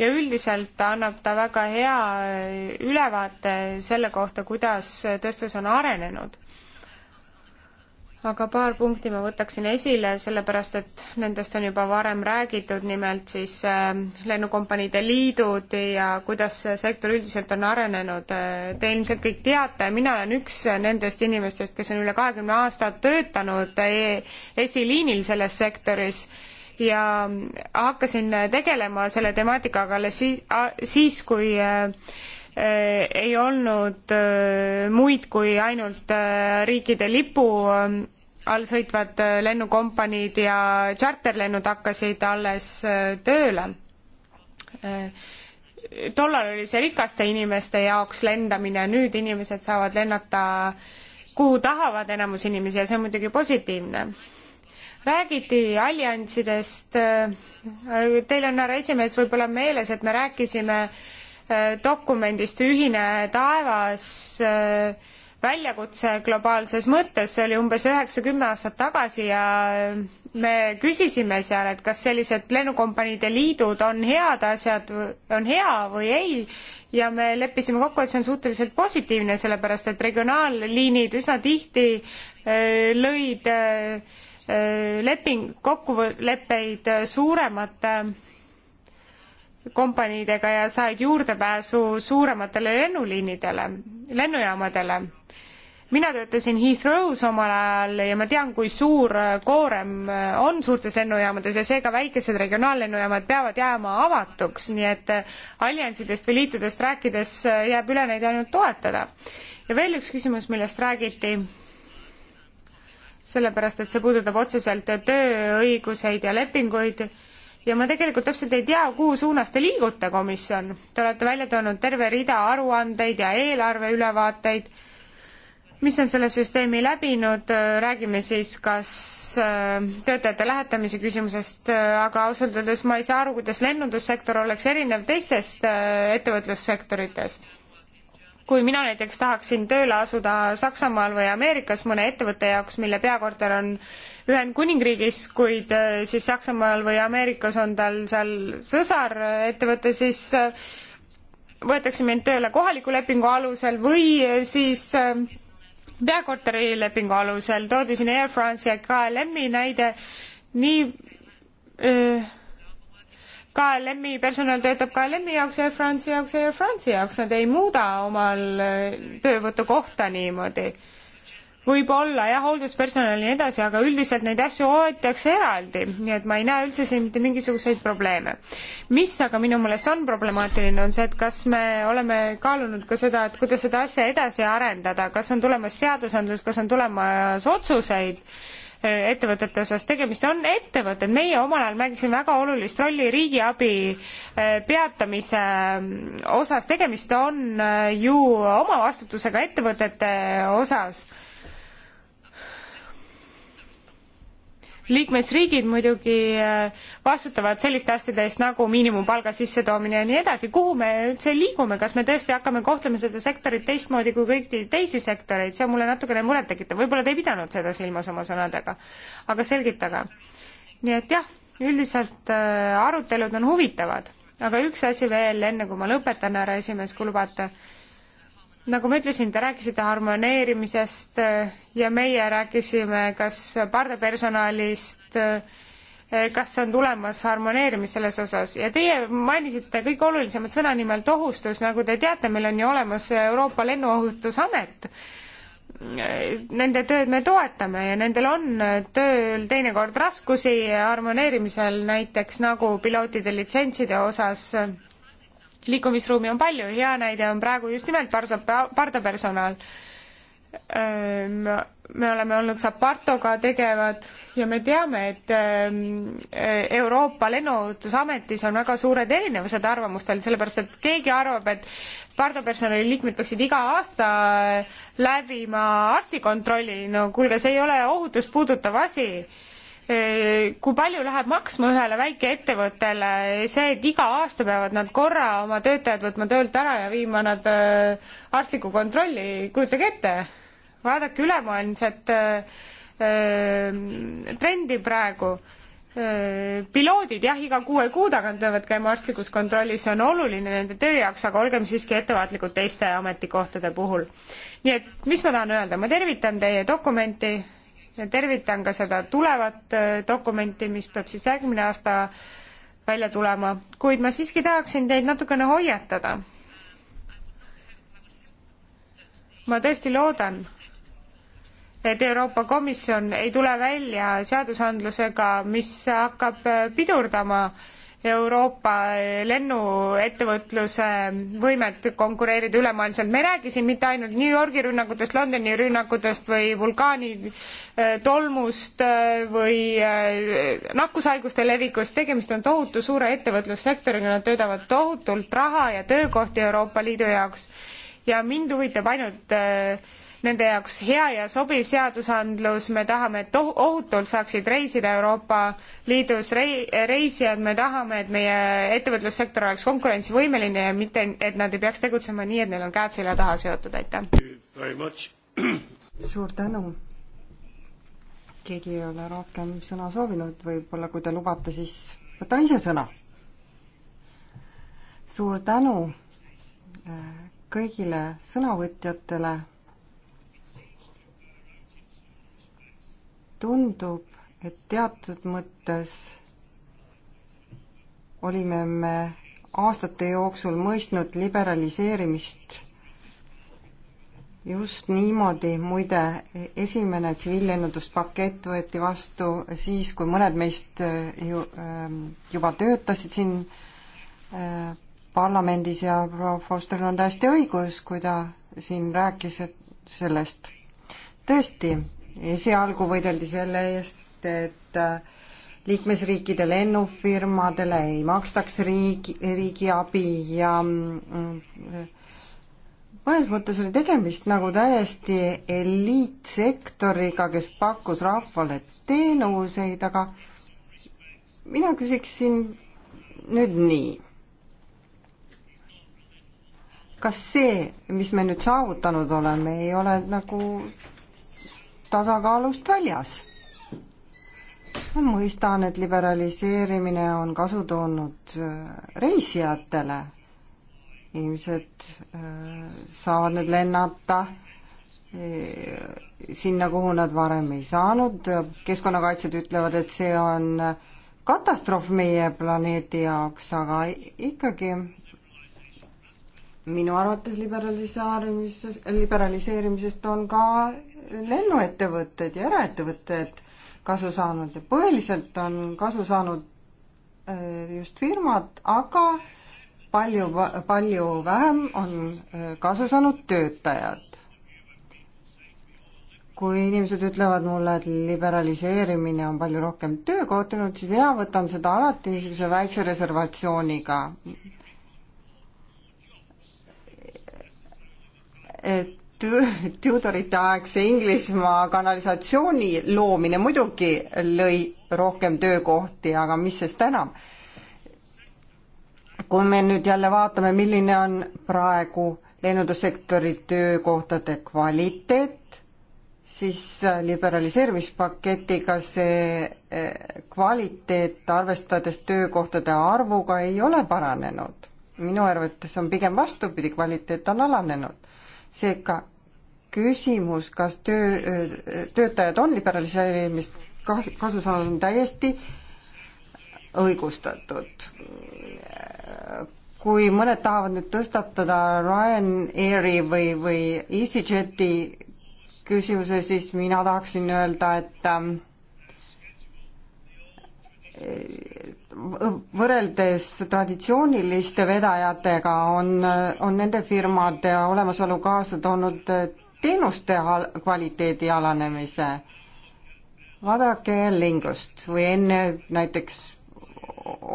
ja üldiselt annab ta väga hea äh, ülevaate selle kohta, kuidas äh, tööstus on arenenud aga paar punkti ma võtaksin esile, sellepärast et nendest on juba varem räägitud, nimelt siis äh, lennukompaniide liidud ja kuidas see sektor üldiselt on arenenud. Äh, te ilmselt kõik teate, mina olen üks nendest inimestest, kes on üle kahekümne aasta töötanud e, esiliinil selles sektoris ja hakkasin tegelema selle temaatikaga alles siis, siis, kui äh, Äh, ei olnud äh, muid kui ainult äh, riikide lipu all sõitvad lennukompaniid ja tšarterlennud hakkasid alles tööle. tollal oli see rikaste inimeste jaoks lendamine, nüüd inimesed saavad lennata kuhu tahavad enamus inimesi ja see on muidugi positiivne. räägiti alliansidest, teil on, härra esimees, võib-olla meeles, et me rääkisime äh, dokumendist Ühine taevas äh, väljakutse globaalses mõttes, see oli umbes üheksa-kümme aastat tagasi ja me küsisime seal, et kas sellised lennukompaniide liidud on head asjad, on hea või ei, ja me leppisime kokku, et see on suhteliselt positiivne, sellepärast et regionaalliinid üsna tihti äh, lõid äh, leping, kokkuleppeid suuremate kompaniidega ja said juurdepääsu suurematele lennuliinidele, lennujaamadele. mina töötasin Heathrow's omal ajal ja ma tean, kui suur koorem on suurtes lennujaamades ja seega väikesed regionaallennujaamad peavad jääma avatuks, nii et alliansidest või liitudest rääkides jääb üle neid ainult toetada. ja veel üks küsimus, millest räägiti, sellepärast et see puudutab otseselt tööõiguseid ja lepinguid ja ma tegelikult täpselt ei tea, kuhu suunas te liigute, komisjon. Te olete välja toonud terve rida aruandeid ja eelarveülevaateid, mis on selle süsteemi läbinud, räägime siis kas äh, töötajate lähetamise küsimusest, äh, aga ausalt öeldes ma ei saa aru, kuidas lennundussektor oleks erinev teistest äh, ettevõtlussektoritest kui mina näiteks tahaksin tööle asuda Saksamaal või Ameerikas mõne ettevõtte jaoks, mille peakorter on Ühendkuningriigis, kuid äh, siis Saksamaal või Ameerikas on tal seal sõsarettevõte, äh, siis äh, võetakse mind tööle kohaliku lepingu alusel või siis peakorteri lepingu alusel, toodi siin Air France ja KLM-i näide, nii öö, KLM-i personal töötab KLM-i jaoks, Air France'i jaoks, Air France'i jaoks, nad ei muuda omal äh, töövõtukohta niimoodi. võib-olla jah, hoolduspersonal ja nii edasi, aga üldiselt neid asju hoitakse eraldi, nii et ma ei näe üldse siin mitte mingisuguseid probleeme. mis aga minu meelest on problemaatiline, on see, et kas me oleme kaalunud ka seda, et kuidas seda asja edasi arendada, kas on tulemas seadusandlus, kas on tulemas otsuseid ettevõtete osas, tegemist on ettevõtted, meie omal ajal mängisime väga olulist rolli riigiabi äh, peatamise mm, osas, tegemist on äh, ju omavastutusega ettevõtete osas liikmesriigid muidugi äh, vastutavad selliste asjade eest nagu miinimumpalga sissetoomine ja nii edasi, kuhu me üldse liigume, kas me tõesti hakkame kohtlema seda sektorit teistmoodi kui kõiki teisi sektoreid, see on mulle natukene murettekitav, võib-olla te ei pidanud seda silmas oma sõnadega, aga selgitage. nii et jah, üldiselt äh, arutelud on huvitavad, aga üks asi veel, enne kui ma lõpetan, härra esimees, kui lubate nagu ma ütlesin, te rääkisite harmoneerimisest äh, ja meie rääkisime kas pardapersonalist, äh, kas on tulemas harmoneerimine selles osas ja teie mainisite kõige olulisemat sõna, nimelt ohustus, nagu te teate, meil on ju olemas Euroopa Lennuohutusamet. Nende tööd me toetame ja nendel on tööl teinekord raskusi harmoneerimisel, näiteks nagu pilootide litsentside osas liikumisruumi on palju, hea näide on praegu just nimelt parsa-, pardapersonal. me oleme olnud Zapartoga tegevad ja me teame, et Euroopa Lennuohutusametis on väga suured erinevused arvamustel, sellepärast et keegi arvab, et pardapersonali liikmed peaksid iga aasta läbima arstikontrolli, no kuulge, see ei ole ohutust puudutav asi kui palju läheb maksma ühele väikeettevõttele see, et iga aasta peavad nad korra oma töötajad võtma töölt ära ja viima nad äh, arstlikku kontrolli, kujutage ette, vaadake ülemaailmset äh, äh, trendi praegu piloodid jah, iga kuue kuu tagant peavad käima arstlikus kontrollis, see on oluline nende töö jaoks, aga olgem siiski ettevaatlikud teiste ametikohtade puhul. nii et mis ma tahan öelda, ma tervitan teie dokumenti, tervitan ka seda tulevat äh, dokumenti, mis peab siis järgmine aasta välja tulema, kuid ma siiski tahaksin teid natukene hoiatada. ma tõesti loodan, et Euroopa Komisjon ei tule välja seadusandlusega, mis hakkab äh, pidurdama äh, Euroopa lennuettevõtluse võimet konkureerida ülemaailmselt. me ei räägi siin mitte ainult New Yorgi rünnakutest, Londoni rünnakutest või vulkaani äh, tolmust äh, või äh, nakkushaiguste levikust, tegemist on tohutu suure ettevõtlussektoriga, nad töötavad tohutult raha ja töökohti Euroopa Liidu jaoks ja mind huvitab ainult äh, nende jaoks hea ja sobiv seadusandlus, me tahame, et ohutult saaksid reisida Euroopa Liidus rei-, reisijad, me tahame, et meie ettevõtlussektor oleks konkurentsivõimeline ja mitte, et nad ei peaks tegutsema nii, et neil on käed selja taha seotud, aitäh! suur tänu! keegi ei ole rohkem sõna soovinud, võib-olla kui te lubate, siis võtan ise sõna. suur tänu äh, kõigile sõnavõtjatele tundub, et teatud mõttes olime me aastate jooksul mõistnud liberaliseerimist just niimoodi, muide, esimene tsiviillennunduspakett võeti vastu siis, kui mõned meist ju, ähm, juba töötasid siin äh, parlamendis ja proua Fosteril on täiesti õigus, kui ta siin rääkis sellest. tõesti esialgu võideldi selle eest, et äh, liikmesriikide lennufirmadele ei makstaks riigi, riigiabi ja mm, mõnes mõttes oli tegemist nagu täiesti eliitsektoriga, kes pakkus rahvale teenuseid, aga mina küsiksin nüüd nii kas see, mis me nüüd saavutanud oleme, ei ole nagu tasakaalust väljas. ma mõistan, et liberaliseerimine on kasu toonud äh, reisijatele. inimesed äh, saavad nüüd lennata äh, sinna, kuhu nad varem ei saanud, keskkonnakaitsjad ütlevad, et see on katastroof meie planeedi jaoks, aga ikkagi minu arvates liberaliseerimisest, liberaliseerimisest on ka lennuettevõtted ja eraettevõtted kasu saanud ja põhiliselt on kasu saanud äh, just firmad, aga palju, palju vähem on äh, kasu saanud töötajad. kui inimesed ütlevad mulle, et liberaliseerimine on palju rohkem töökohti olnud, siis mina võtan seda alati niisuguse väikse reservatsiooniga. et Tudorite aegse Inglismaa kanalisatsiooni loomine muidugi lõi rohkem töökohti, aga mis sest enam. kui me nüüd jälle vaatame, milline on praegu lennundussektori töökohtade kvaliteet, siis liberaliseerimispaketiga see eh, kvaliteet, arvestades töökohtade arvuga, ei ole paranenud. minu arvates on pigem vastupidi, kvaliteet on alanenud seega küsimus, kas töö, töötajad on liberaliseerimist kasu saanud, on täiesti õigustatud. kui mõned tahavad nüüd tõstatada Ryanairi või, või EasyJeti küsimuse, siis mina tahaksin öelda, et ähm, võrreldes traditsiooniliste vedajatega on, on nende firmade olemasolu kaasa toonud teenuste kvaliteedi alanemise. vaadake Airlingust või enne näiteks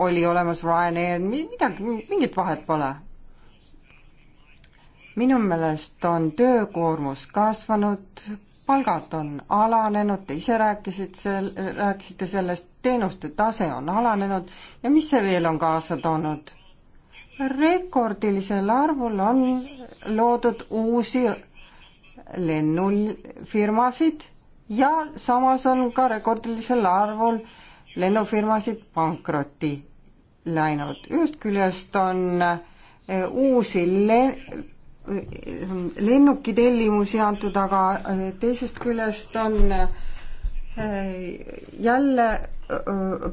oli olemas Ryanair, midagi, mingit vahet pole. minu meelest on töökoormus kasvanud, palgad on alanenud, te ise rääkisite sel-, rääkisite sellest, teenuste tase on alanenud ja mis see veel on kaasa toonud? rekordilisel arvul on loodud uusi lennufirmasid ja samas on ka rekordilisel arvul lennufirmasid pankrotti läinud. ühest küljest on eh, uusi len-, lennukitellimusi antud, aga eh, teisest küljest on eh, jälle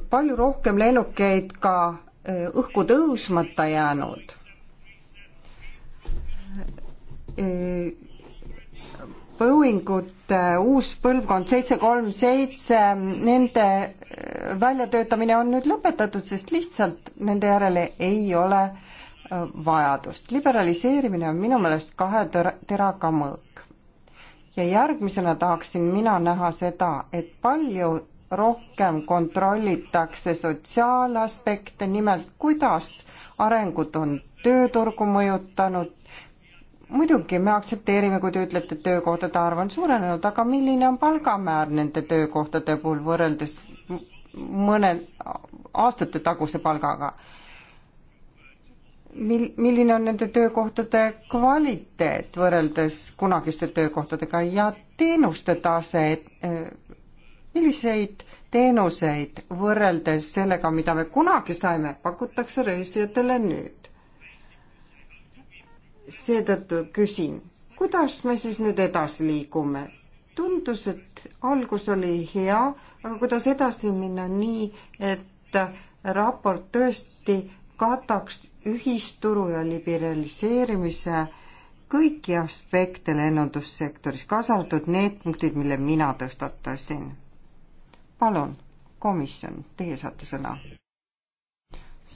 palju rohkem lennukeid ka äh, õhku tõusmata jäänud. Äh, Boeingute äh, uus põlvkond seitse kolm seitse, nende väljatöötamine on nüüd lõpetatud, sest lihtsalt nende järele ei ole vajadust. liberaliseerimine on minu meelest kahe teraga mõõk ja järgmisena tahaksin mina näha seda, et palju rohkem kontrollitakse sotsiaalaspekte, nimelt kuidas arengud on tööturgu mõjutanud. muidugi me aktsepteerime, kui te ütlete, et töökohtade arv on suurenenud, aga milline on palgamäär nende töökohtade puhul võrreldes mõne aastate taguse palgaga? mil-, milline on nende töökohtade kvaliteet võrreldes kunagiste töökohtadega ja teenuste tase, et milliseid teenuseid võrreldes sellega, mida me kunagi saime, pakutakse reisijatele nüüd? seetõttu küsin, kuidas me siis nüüd edasi liigume? tundus, et algus oli hea, aga kuidas edasi minna nii, et raport tõesti kataks ühisturu ja liberaliseerimise kõiki aspekte lennundussektoris, kaasa arvatud need punktid, mille mina tõstatasin palun, komisjon, teie saate sõna.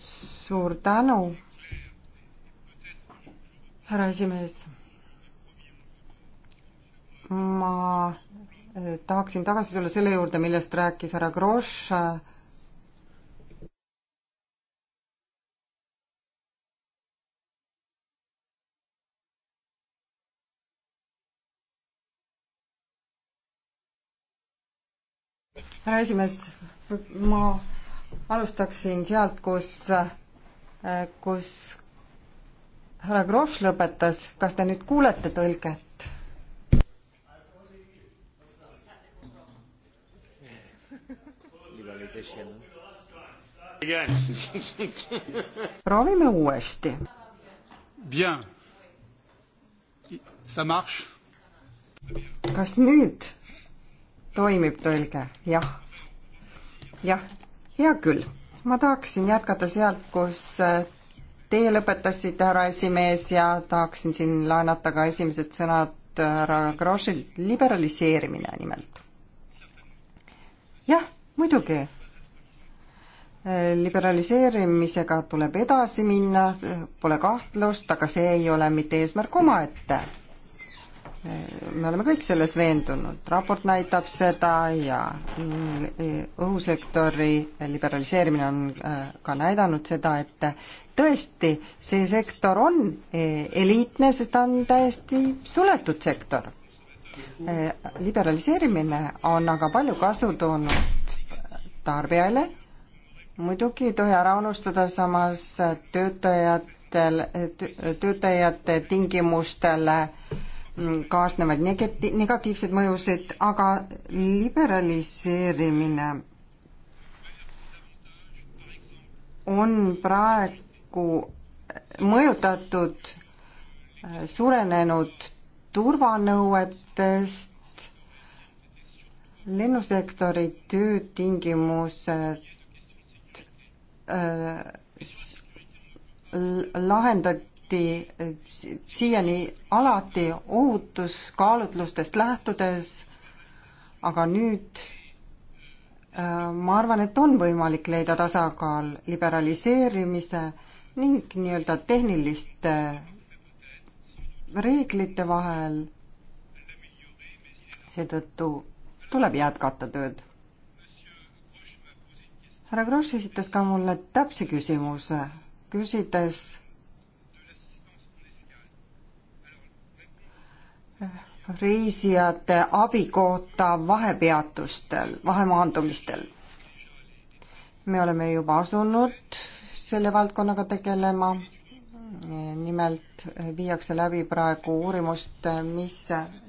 suur tänu, härra esimees. ma eh, tahaksin tagasi tulla selle juurde, millest rääkis härra Grosch härra esimees, ma alustaksin sealt, kus, äh, kus härra Grosch lõpetas, kas te nüüd kuulete tõlget? proovime uuesti. kas nüüd? toimib tõlge, jah. jah, hea küll. ma tahaksin jätkata sealt, kus äh, teie lõpetasite, härra esimees, ja tahaksin siin laenata ka esimesed sõnad äh, härra Grossilt, liberaliseerimine nimelt. jah, muidugi. Äh, liberaliseerimisega tuleb edasi minna, pole kahtlust, aga see ei ole mitte eesmärk omaette me oleme kõik selles veendunud, raport näitab seda ja mm, e, õhusektori liberaliseerimine on äh, ka näidanud seda, et tõesti, see sektor on e, eliitne, sest ta on täiesti suletud sektor. E, liberaliseerimine on aga palju kasu toonud tarbijale, muidugi ei tohi ära unustada samas töötajatel, töötajate tingimustele äh, Mm, kaasnevaid negati-, negatiivseid mõjusid, aga liberaliseerimine on praegu mõjutatud äh, suurenenud turvanõuetest, lennusektori töötingimused äh, lahendati alati, äh, siiani alati ohutuskaalutlustest lähtudes, aga nüüd äh, ma arvan, et on võimalik leida tasakaal liberaliseerimise ning nii-öelda tehniliste reeglite vahel. seetõttu tuleb jätkata tööd. härra Grosch esitas ka mulle täpse küsimuse, küsides reisijate abi kohta vahepeatustel, vahemaandumistel. me oleme juba asunud selle valdkonnaga tegelema. nimelt viiakse läbi praegu uurimust, mis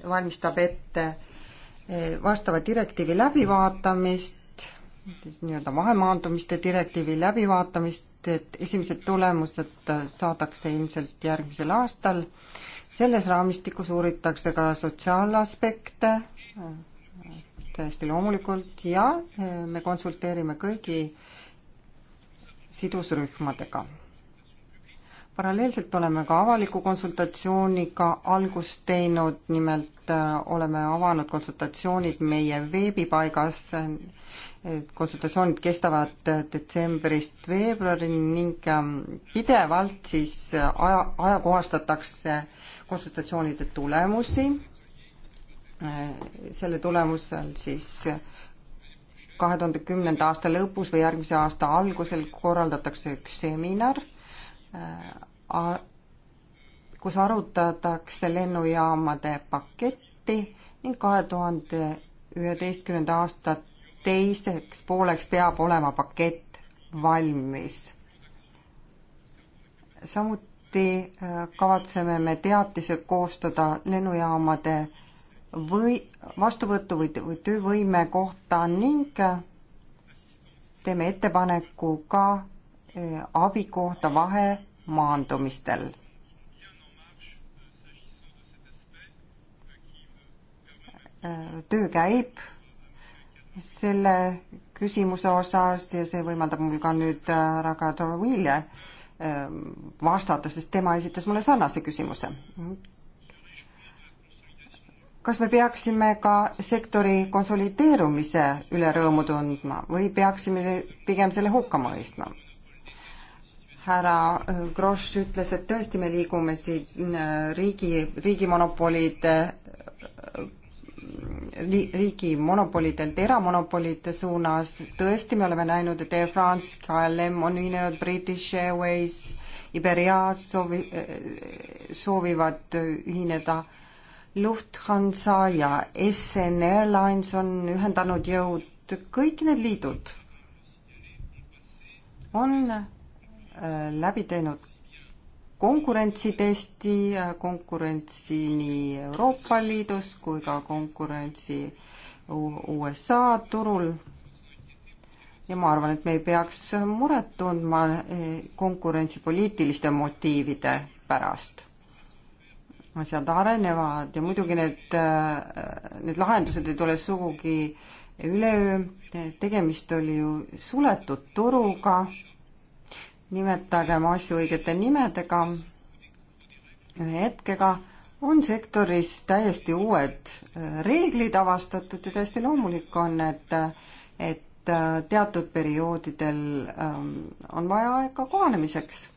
valmistab ette eh, vastava direktiivi läbivaatamist, nii-öelda vahemaandumiste direktiivi läbivaatamist, et esimesed tulemused saadakse ilmselt järgmisel aastal selles raamistikus uuritakse ka sotsiaalaspekte täiesti loomulikult ja eh, me konsulteerime kõigi sidusrühmadega paralleelselt oleme ka avaliku konsultatsiooniga algust teinud, nimelt äh, oleme avanud konsultatsioonid meie veebipaigas. konsultatsioonid kestavad äh, detsembrist veebruarini ning ähm, pidevalt siis äh, aja, ajakohastatakse konsultatsioonide tulemusi. selle tulemusel siis kahe tuhande kümnenda aasta lõpus või järgmise aasta algusel korraldatakse üks seminar Äh, kus arutatakse lennujaamade paketti ning kahe tuhande üheteistkümnenda aasta teiseks pooleks peab olema pakett valmis. samuti äh, kavatseme me teatise koostada lennujaamade või vastuvõtu või, või töövõime kohta ning äh, teeme ettepaneku ka Äh, abi kohta vahe maandumistel. Äh, töö käib selle küsimuse osas ja see võimaldab mul ka nüüd äh, härra Kadrovile vastata, sest tema esitas mulle sarnase küsimuse. kas me peaksime ka sektori konsolideerumise üle rõõmu tundma või peaksime pigem selle hukka mõistma? härra äh, Grosch ütles, et tõesti me liigume siin äh, riigi, riigimonopolide äh, riigi monopolidelt eramonopolide suunas, tõesti, me oleme näinud, et Air France, KLM on ühinenud British Airways, Iberia soovi, soovivad ühineda, Lufthansa ja SN Airlines on ühendanud jõud, kõik need liidud on Äh, läbi teinud konkurentsitesti, äh, konkurentsi nii Euroopa Liidus kui ka konkurentsi USA turul. ja ma arvan, et me ei peaks muret tundma äh, konkurentsipoliitiliste motiivide pärast. asjad arenevad ja muidugi need, need lahendused ei tule sugugi üleöö, tegemist oli ju suletud turuga nimetagem asju õigete nimedega. ühe hetkega on sektoris täiesti uued äh, reeglid avastatud ja täiesti loomulik on, et, äh, et äh, teatud perioodidel ähm, on vaja aega kohanemiseks.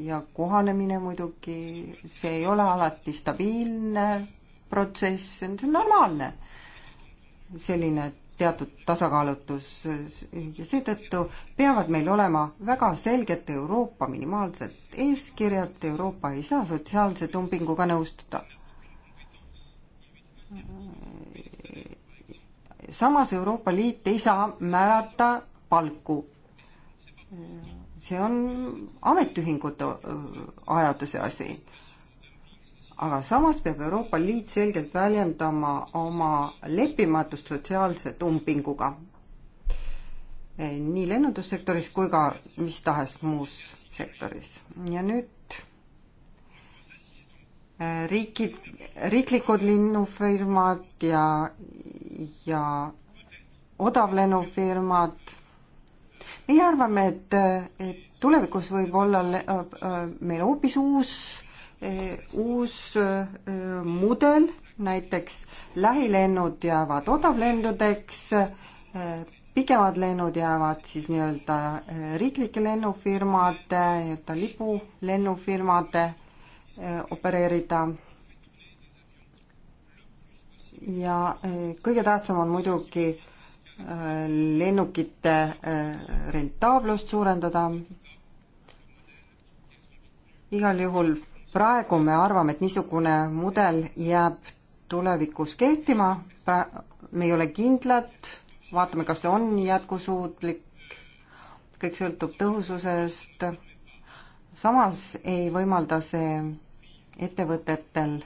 ja kohanemine muidugi, see ei ole alati stabiilne protsess, see on normaalne selline teatud tasakaalutus ja seetõttu peavad meil olema väga selged Euroopa minimaalsed eeskirjad, Euroopa ei saa sotsiaalse dumpinguga nõustuda. samas Euroopa Liit ei saa määrata palku. see on ametiühingute ajada see asi aga samas peab Euroopa Liit selgelt väljendama oma leppimatust sotsiaalse tumpinguga. E, nii lennundussektoris kui ka mis tahes muus sektoris. ja nüüd e, riikid, riiklikud linnufirmad ja, ja odavlennufirmad. meie arvame, et, et tulevikus võib olla e, meil hoopis uus Eh, uus eh, mudel, näiteks lähilennud jäävad odavlendudeks, eh, pikemad lennud jäävad siis nii-öelda riiklike lennufirmade, nii-öelda lipulennufirmade opereerida. ja kõige tähtsam on muidugi lennukite rentaablust suurendada. igal juhul praegu me arvame, et niisugune mudel jääb tulevikus kehtima, me ei ole kindlad, vaatame, kas see on jätkusuutlik, kõik sõltub tõhususest, samas ei võimalda see ettevõtetel,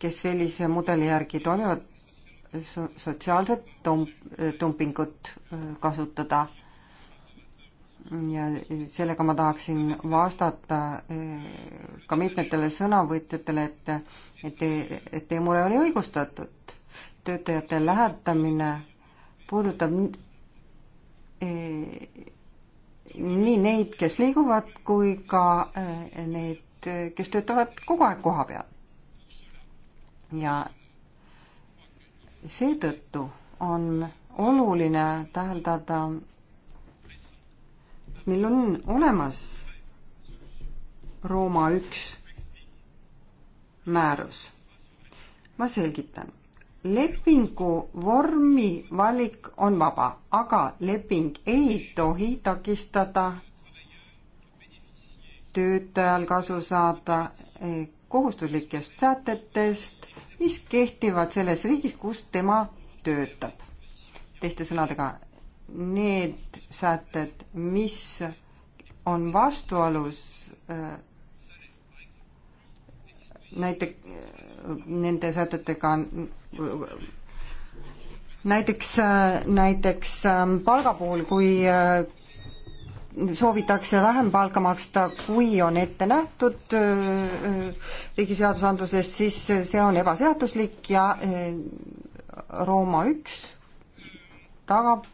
kes sellise mudeli järgi toimivad, sotsiaalset tum-, dumpingut äh, kasutada ja sellega ma tahaksin vastata eh, ka mitmetele sõnavõtjatele, et, et, et teie mure oli õigustatud. töötajate lähetamine puudutab eh, nii neid, kes liiguvad, kui ka eh, neid, kes töötavad kogu aeg koha peal. ja seetõttu on oluline täheldada meil on olemas Rooma üks määrus. ma selgitan. lepingu vormi valik on vaba, aga leping ei tohi takistada töötajal kasu saada eh, kohustuslikest sätetest, mis kehtivad selles riigis, kus tema töötab. teiste sõnadega, need sätted, mis on vastuolus äh, näiteks nende sätetega näiteks, äh, näiteks ähm, palga puhul, kui äh, soovitakse vähem palka maksta, kui on ette nähtud riigi seadusandluses, siis see on ebaseaduslik ja Rooma üks tagab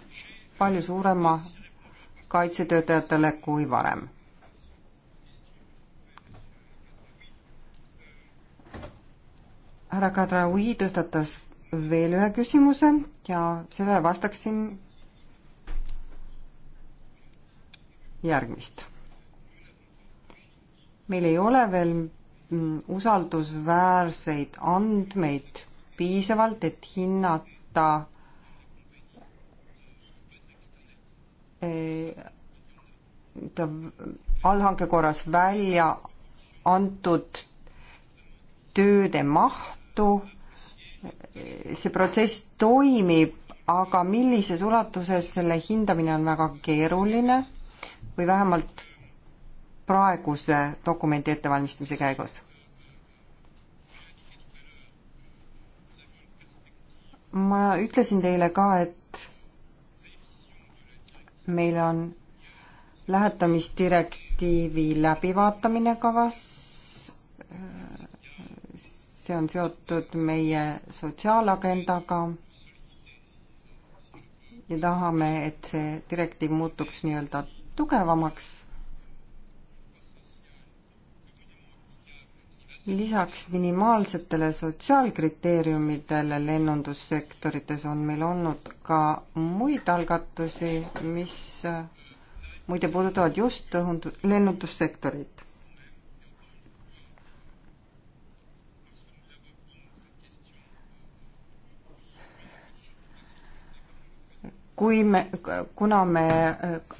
palju suurema kaitsetöötajatele kui varem. härra Kadraoui tõstatas veel ühe küsimuse ja sellele vastaksin järgmist. meil ei ole veel mm, usaldusväärseid andmeid piisavalt, et hinnata ta allhanke korras välja antud tööde mahtu. see protsess toimib, aga millises ulatuses selle hindamine on väga keeruline või vähemalt praeguse dokumendi ettevalmistamise käigus? ma ütlesin teile ka, et meil on lähetamisdirektiivi läbivaatamine kavas, see on seotud meie sotsiaalagendaga ja tahame, et see direktiiv muutuks nii-öelda tugevamaks lisaks minimaalsetele sotsiaalkriteeriumidele lennundussektorites on meil olnud ka muid algatusi, mis muide puudutavad just õhund-, lennundussektorit. kui me, kuna me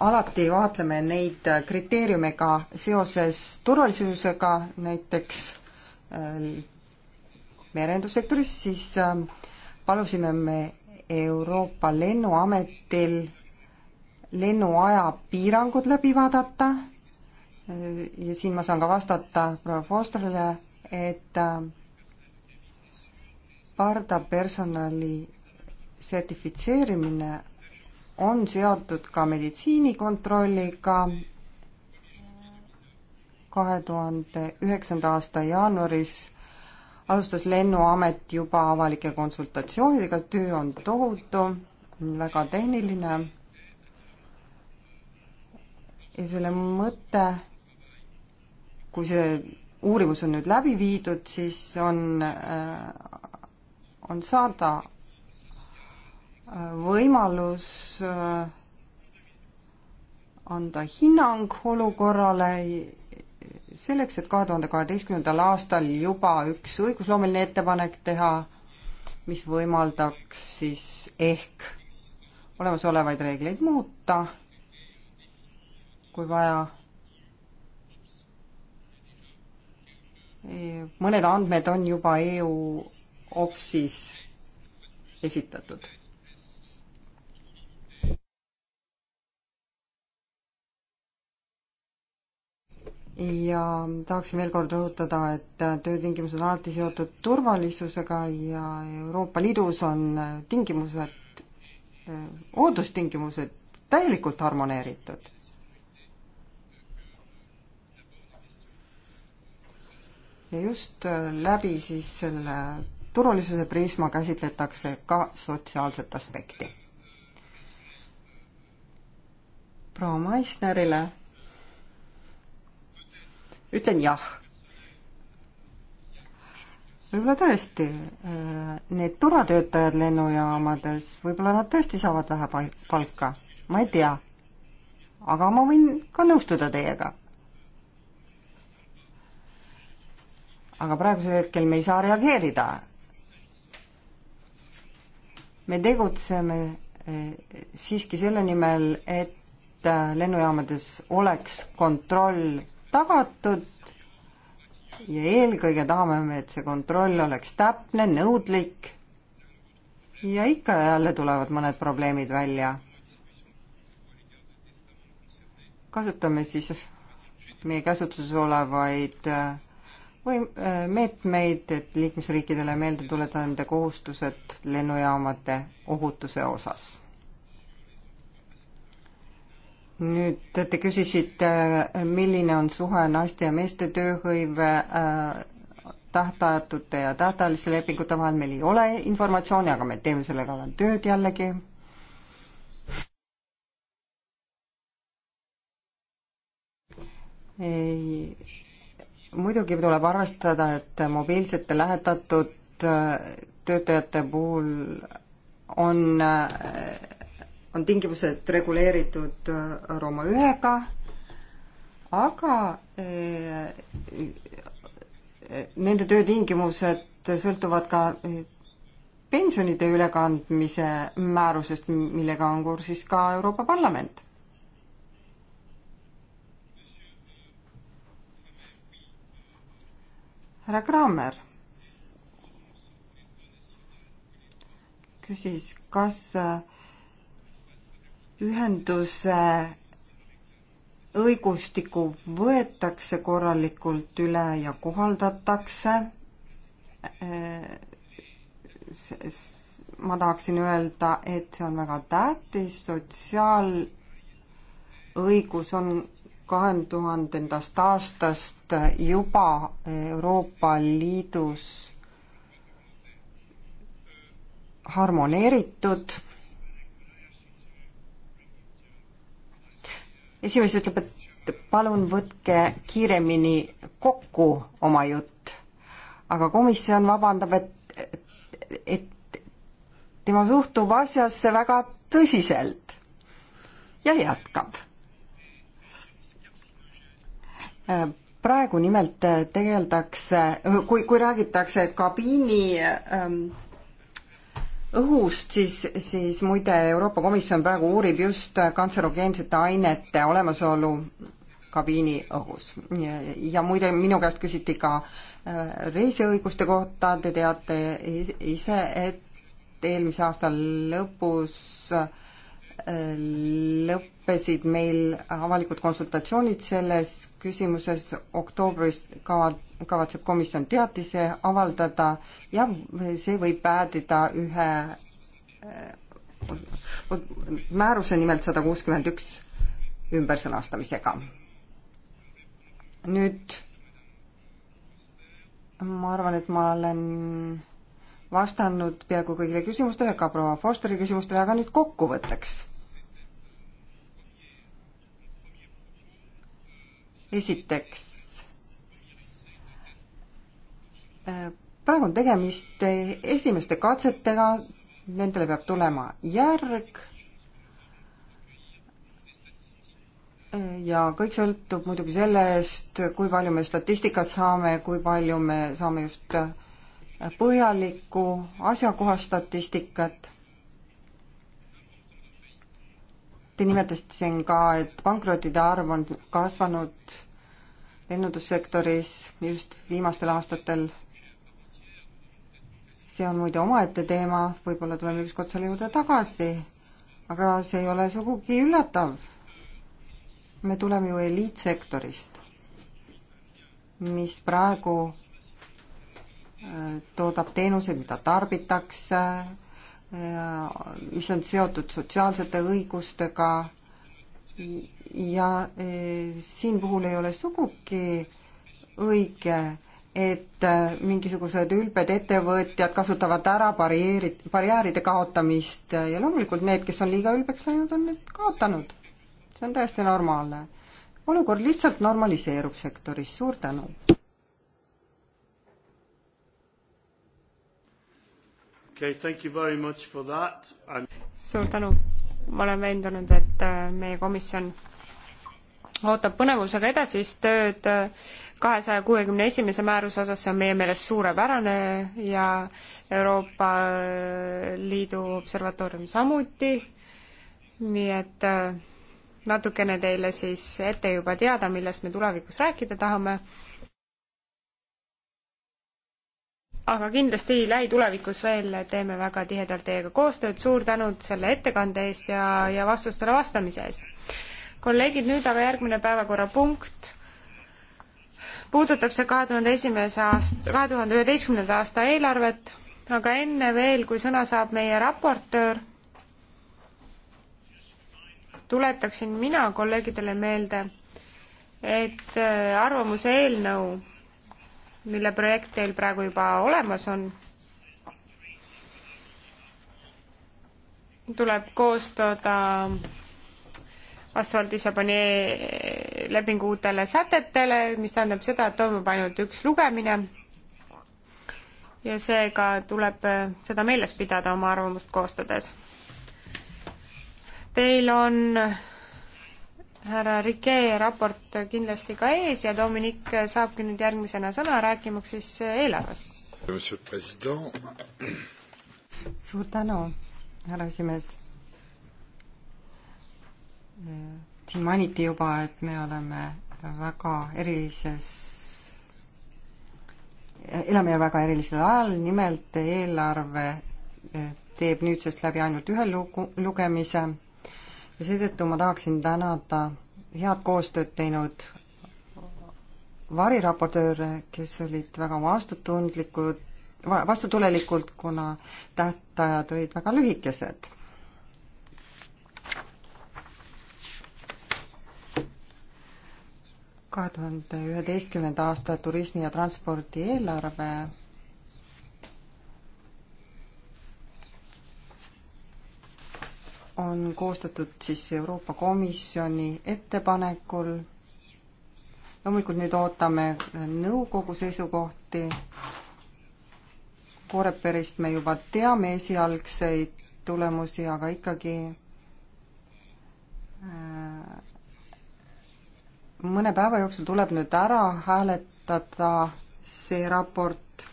alati vaatleme neid kriteeriume ka seoses turvalisusega, näiteks Äh, merendussektoris, siis äh, palusime me Euroopa Lennuametil lennuaja piirangud läbi vaadata äh, ja siin ma saan ka vastata proua Fosterile, et pardapersonali sertifitseerimine on seotud ka meditsiinikontrolliga kahe tuhande üheksanda aasta jaanuaris alustas Lennuamet juba avalike konsultatsioonidega, töö on tohutu, väga tehniline. ja selle mõte, kui see uurimus on nüüd läbi viidud, siis on, äh, on saada äh, võimalus äh, anda hinnang olukorrale selleks, et kahe tuhande kaheteistkümnendal aastal juba üks õigusloomeline ettepanek teha, mis võimaldaks siis ehk olemasolevaid reegleid muuta, kui vaja. E, mõned andmed on juba EU OPS-is esitatud ja tahaksin veel kord rõhutada, et töötingimused on alati seotud turvalisusega ja Euroopa Liidus on tingimused, äh, oodustingimused täielikult harmoneeritud. ja just äh, läbi siis selle turvalisuse prisma käsitletakse ka sotsiaalset aspekti. proua Maisnerile ütlen jah. võib-olla tõesti, äh, need turvatöötajad lennujaamades, võib-olla nad tõesti saavad vähe palka, ma ei tea. aga ma võin ka nõustuda teiega. aga praegusel hetkel me ei saa reageerida. me tegutseme äh, siiski selle nimel, et äh, lennujaamades oleks kontroll tagatud ja eelkõige tahame me, et see kontroll oleks täpne, nõudlik ja ikka ja jälle tulevad mõned probleemid välja. kasutame siis meie käsutuses olevaid äh, või äh, meetmeid, et liikmesriikidele meelde tuletada nende kohustused lennujaamade ohutuse osas nüüd te küsisite, milline on suhe naiste ja meeste tööhõive äh, tähtajatute ja tähtajaliste lepingute vahel, meil ei ole informatsiooni, aga me teeme selle kallal tööd jällegi. ei, muidugi tuleb arvestada, et mobiilsete lähetatud äh, töötajate puhul on äh, on tingimused reguleeritud äh, Rooma ühega, aga äh, äh, nende töötingimused sõltuvad ka pensionide ülekandmise määrusest, millega on kursis ka Euroopa Parlament. härra Kramer küsis, kas äh, ühenduse õigustikku võetakse korralikult üle ja kohaldatakse. ma tahaksin öelda, et see on väga tähtis, sotsiaalõigus on kahe tuhandendast aastast juba Euroopa Liidus harmoneeritud esimees ütleb, et palun võtke kiiremini kokku oma jutt, aga komisjon vabandab, et, et tema suhtub asjasse väga tõsiselt ja jätkab. praegu nimelt tegeldakse, kui, kui räägitakse kabiini ähm, õhust, siis, siis muide Euroopa Komisjon praegu uurib just kantserogeensete ainete olemasolu kabiini õhus. ja muide, minu käest küsiti ka äh, reisiõiguste kohta, te teate ise, et eelmise aasta lõpus äh, lõppesid meil avalikud konsultatsioonid selles küsimuses, oktoobris kava, kavatseb komisjon teatise avaldada ja see võib päädida ühe määruse nimelt sada kuuskümmend üks ümbersõnastamisega. nüüd ma arvan, et ma olen vastanud peaaegu kõigile küsimustele, ka proua Fosteri küsimustele, aga nüüd kokkuvõtteks. esiteks, äh, praegu on tegemist esimeste katsetega, nendele peab tulema järg ja kõik sõltub muidugi sellest, kui palju me statistikat saame, kui palju me saame just põhjalikku asjakohast statistikat. Te nimetasite siin ka, et pankrotide arv on kasvanud lennundussektoris just viimastel aastatel. see on muide omaette teema, võib-olla tuleme ükskord selle juurde tagasi, aga see ei ole sugugi üllatav. me tuleme ju eliitsektorist, mis praegu toodab teenuseid, mida tarbitakse, mis on seotud sotsiaalsete õigustega ja eh, siin puhul ei ole sugugi õige, et eh, mingisugused ülbed ettevõtjad kasutavad ära barjäärid, barjääride kaotamist ja loomulikult need, kes on liiga ülbeks läinud, on need kaotanud. see on täiesti normaalne. olukord lihtsalt normaliseerub sektoris, suur tänu Okay, thank you very much for that and.... suur tänu. ma olen veendunud, et äh, meie komisjon ootab põnevusega edasist tööd kahesaja kuuekümne esimese määruse osas, see on meie meelest suurepärane ja Euroopa äh, Liidu observatoorium samuti. nii et äh, natukene teile siis ette juba teada, millest me tulevikus rääkida tahame aga kindlasti lähitulevikus veel teeme väga tihedalt teiega koostööd, suur tänu selle ettekande eest ja, ja vastustele vastamise eest. kolleegid, nüüd aga järgmine päevakorrapunkt puudutab see kahe tuhande esimese aasta, kahe tuhande üheteistkümnenda aasta eelarvet, aga enne veel, kui sõna saab meie raportöör, tuletaksin mina kolleegidele meelde, et äh, arvamuse eelnõu mille projekt teil praegu juba olemas on. tuleb koostada vastavalt Lissaboni lepingu uutele sätetele, mis tähendab seda, et toimub ainult üks lugemine. ja seega tuleb seda meeles pidada oma arvamust koostades. Teil on härra Rike raport kindlasti ka ees ja Dominik saabki nüüd järgmisena sõna, rääkimaks siis eelarvest. suur tänu, härra esimees. siin mainiti juba, et me oleme väga erilises, elame väga erilisel ajal, nimelt eelarve teeb nüüdsest läbi ainult ühe lugu, lugemise ja seetõttu ma tahaksin tänada head koostööd teinud variraportööre, kes olid väga vastutundlikud, vastutulelikud, kuna tähtajad olid väga lühikesed kahe tuhande üheteistkümnenda aasta turismi ja transpordi eelarve on koostatud siis Euroopa Komisjoni ettepanekul. loomulikult nüüd ootame nõukogu seisukohti. Koreperist me juba teame esialgseid tulemusi, aga ikkagi äh, mõne päeva jooksul tuleb nüüd ära hääletada see raport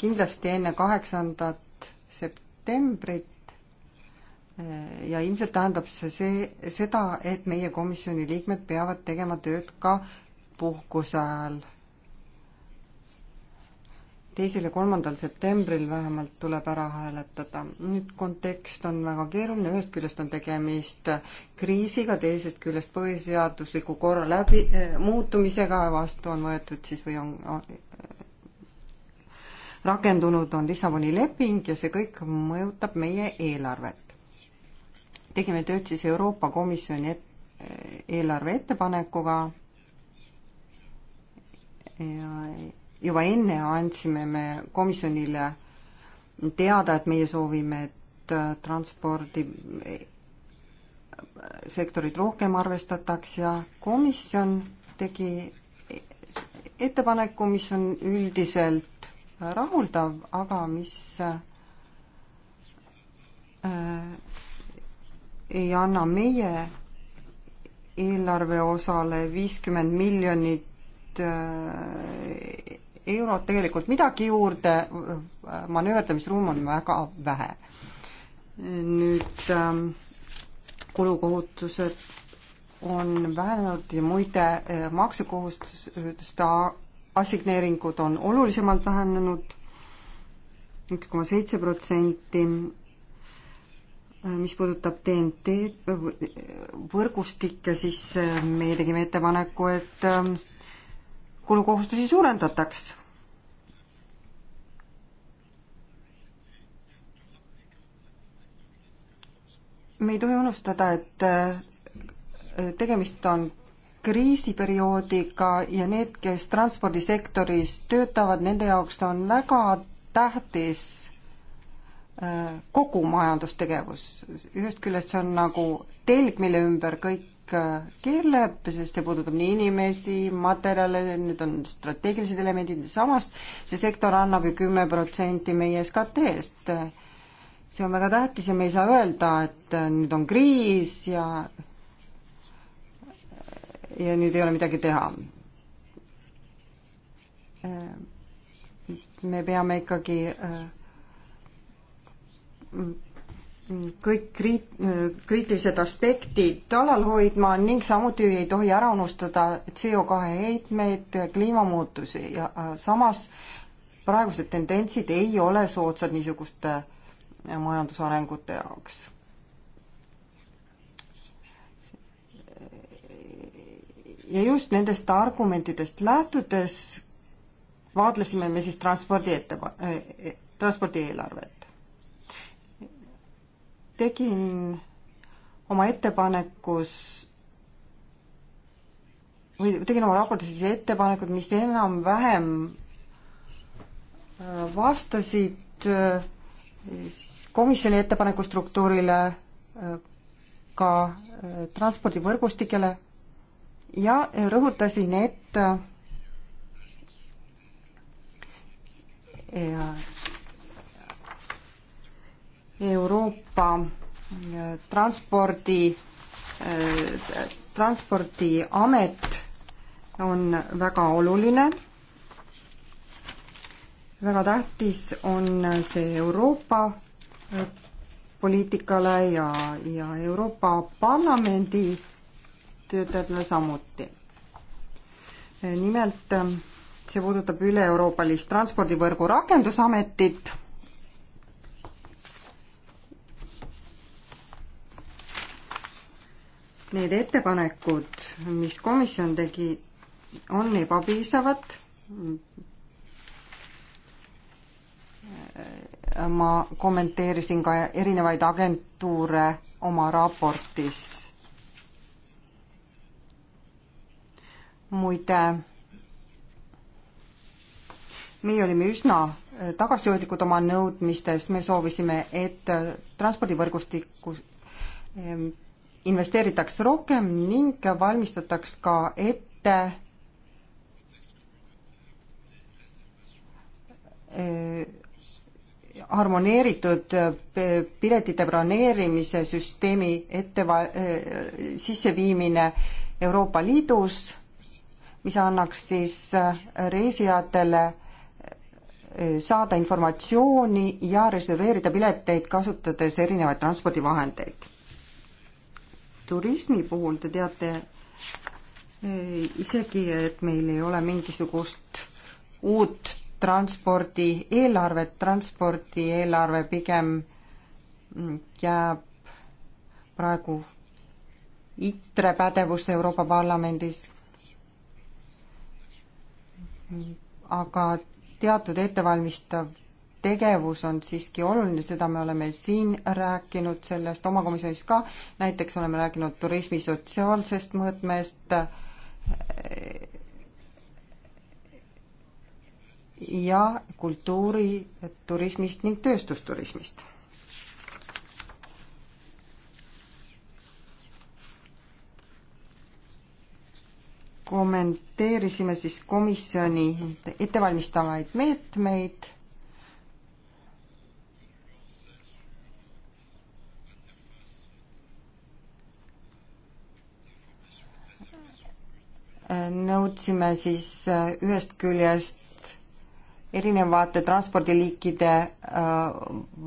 kindlasti enne kaheksandat septembrit Äh, ja ilmselt tähendab see, see seda, et meie komisjoni liikmed peavad tegema tööd ka puhkuse ajal. teisel ja kolmandal septembril vähemalt tuleb ära hääletada. nüüd kontekst on väga keeruline, ühest küljest on tegemist kriisiga, teisest küljest põhiseadusliku korra läbi äh,, muutumisega, vastu on võetud siis või on, on rakendunud on Lissaboni leping ja see kõik mõjutab meie eelarvet tegime tööd siis Euroopa Komisjoni et, eelarve ettepanekuga ja juba enne andsime me komisjonile teada, et meie soovime, et äh, transpordi äh, sektorit rohkem arvestataks ja komisjon tegi ettepaneku, mis on üldiselt rahuldav, aga mis äh, ei anna meie eelarve osale viiskümmend miljonit äh, eurot tegelikult midagi juurde, manööverdamisruum on väga vähe. nüüd ähm, kulukohutused on vähenenud ja muide äh, maksekohustuste assigneeringud on olulisemalt vähenenud üks koma seitse protsenti mis puudutab TNT võrgustikke, siis äh, meie tegime ettepaneku, et ähm, kulukohustusi suurendataks me ei tohi unustada, et äh, tegemist on kriisiperioodiga ja need, kes transpordisektoris töötavad, nende jaoks on väga tähtis kogu majandustegevus. ühest küljest see on nagu telg, mille ümber kõik äh, keerleb, sest see puudutab nii inimesi, materjale, need on strateegilised elemendid, samas see sektor annab ju kümme protsenti meie SKT-st. see on väga tähtis ja me ei saa öelda, et äh, nüüd on kriis ja ja nüüd ei ole midagi teha. Äh, me peame ikkagi äh, kõik kriit-, kriitilised aspektid alal hoidma ning samuti ei tohi ära unustada CO2 heitmeid, kliimamuutusi ja äh, samas praegused tendentsid ei ole soodsad niisuguste äh, majandusarengute jaoks ja just nendest argumentidest lähtudes vaatlesime me siis transpordi ette, äh, transpordieelarvet tegin oma ettepanekus või tegin oma raportis ettepanekud, mis enam-vähem äh, vastasid äh, komisjoni ettepaneku struktuurile, äh, ka transpordivõrgustikele ja rõhutasin, et ja Euroopa äh, transpordi, äh, transpordiamet on väga oluline. väga tähtis on see Euroopa äh, poliitikale ja, ja Euroopa Parlamendi töötajatele samuti. nimelt see puudutab üle-euroopalist transpordivõrgu rakendusametit need ettepanekud, mis komisjon tegi, on ebapiisavad. ma kommenteerisin ka erinevaid agentuure oma raportis. muide, meie olime üsna tagasihoidlikud oma nõudmistes, me soovisime, et transpordivõrgustikus investeeritaks rohkem ning valmistataks ka ette eh, harmoneeritud eh, piletite broneerimise süsteemi ette eh, sisseviimine Euroopa Liidus, mis annaks siis reisijatele saada informatsiooni ja reserveerida pileteid, kasutades erinevaid transpordivahendeid turismi puhul te teate eh, isegi, et meil ei ole mingisugust uut transpordi eelarvet, transpordi eelarve pigem mm, jääb praegu ITRE pädevus Euroopa Parlamendis. aga teatud ettevalmistav tegevus on siiski oluline, seda me oleme siin rääkinud sellest oma komisjonis ka, näiteks oleme rääkinud turismi sotsiaalsest mõõtmest ja kultuuri, turismist ning tööstusturismist. kommenteerisime siis komisjoni ettevalmistavaid meetmeid nõudsime siis äh, ühest küljest erinevate transpordiliikide äh,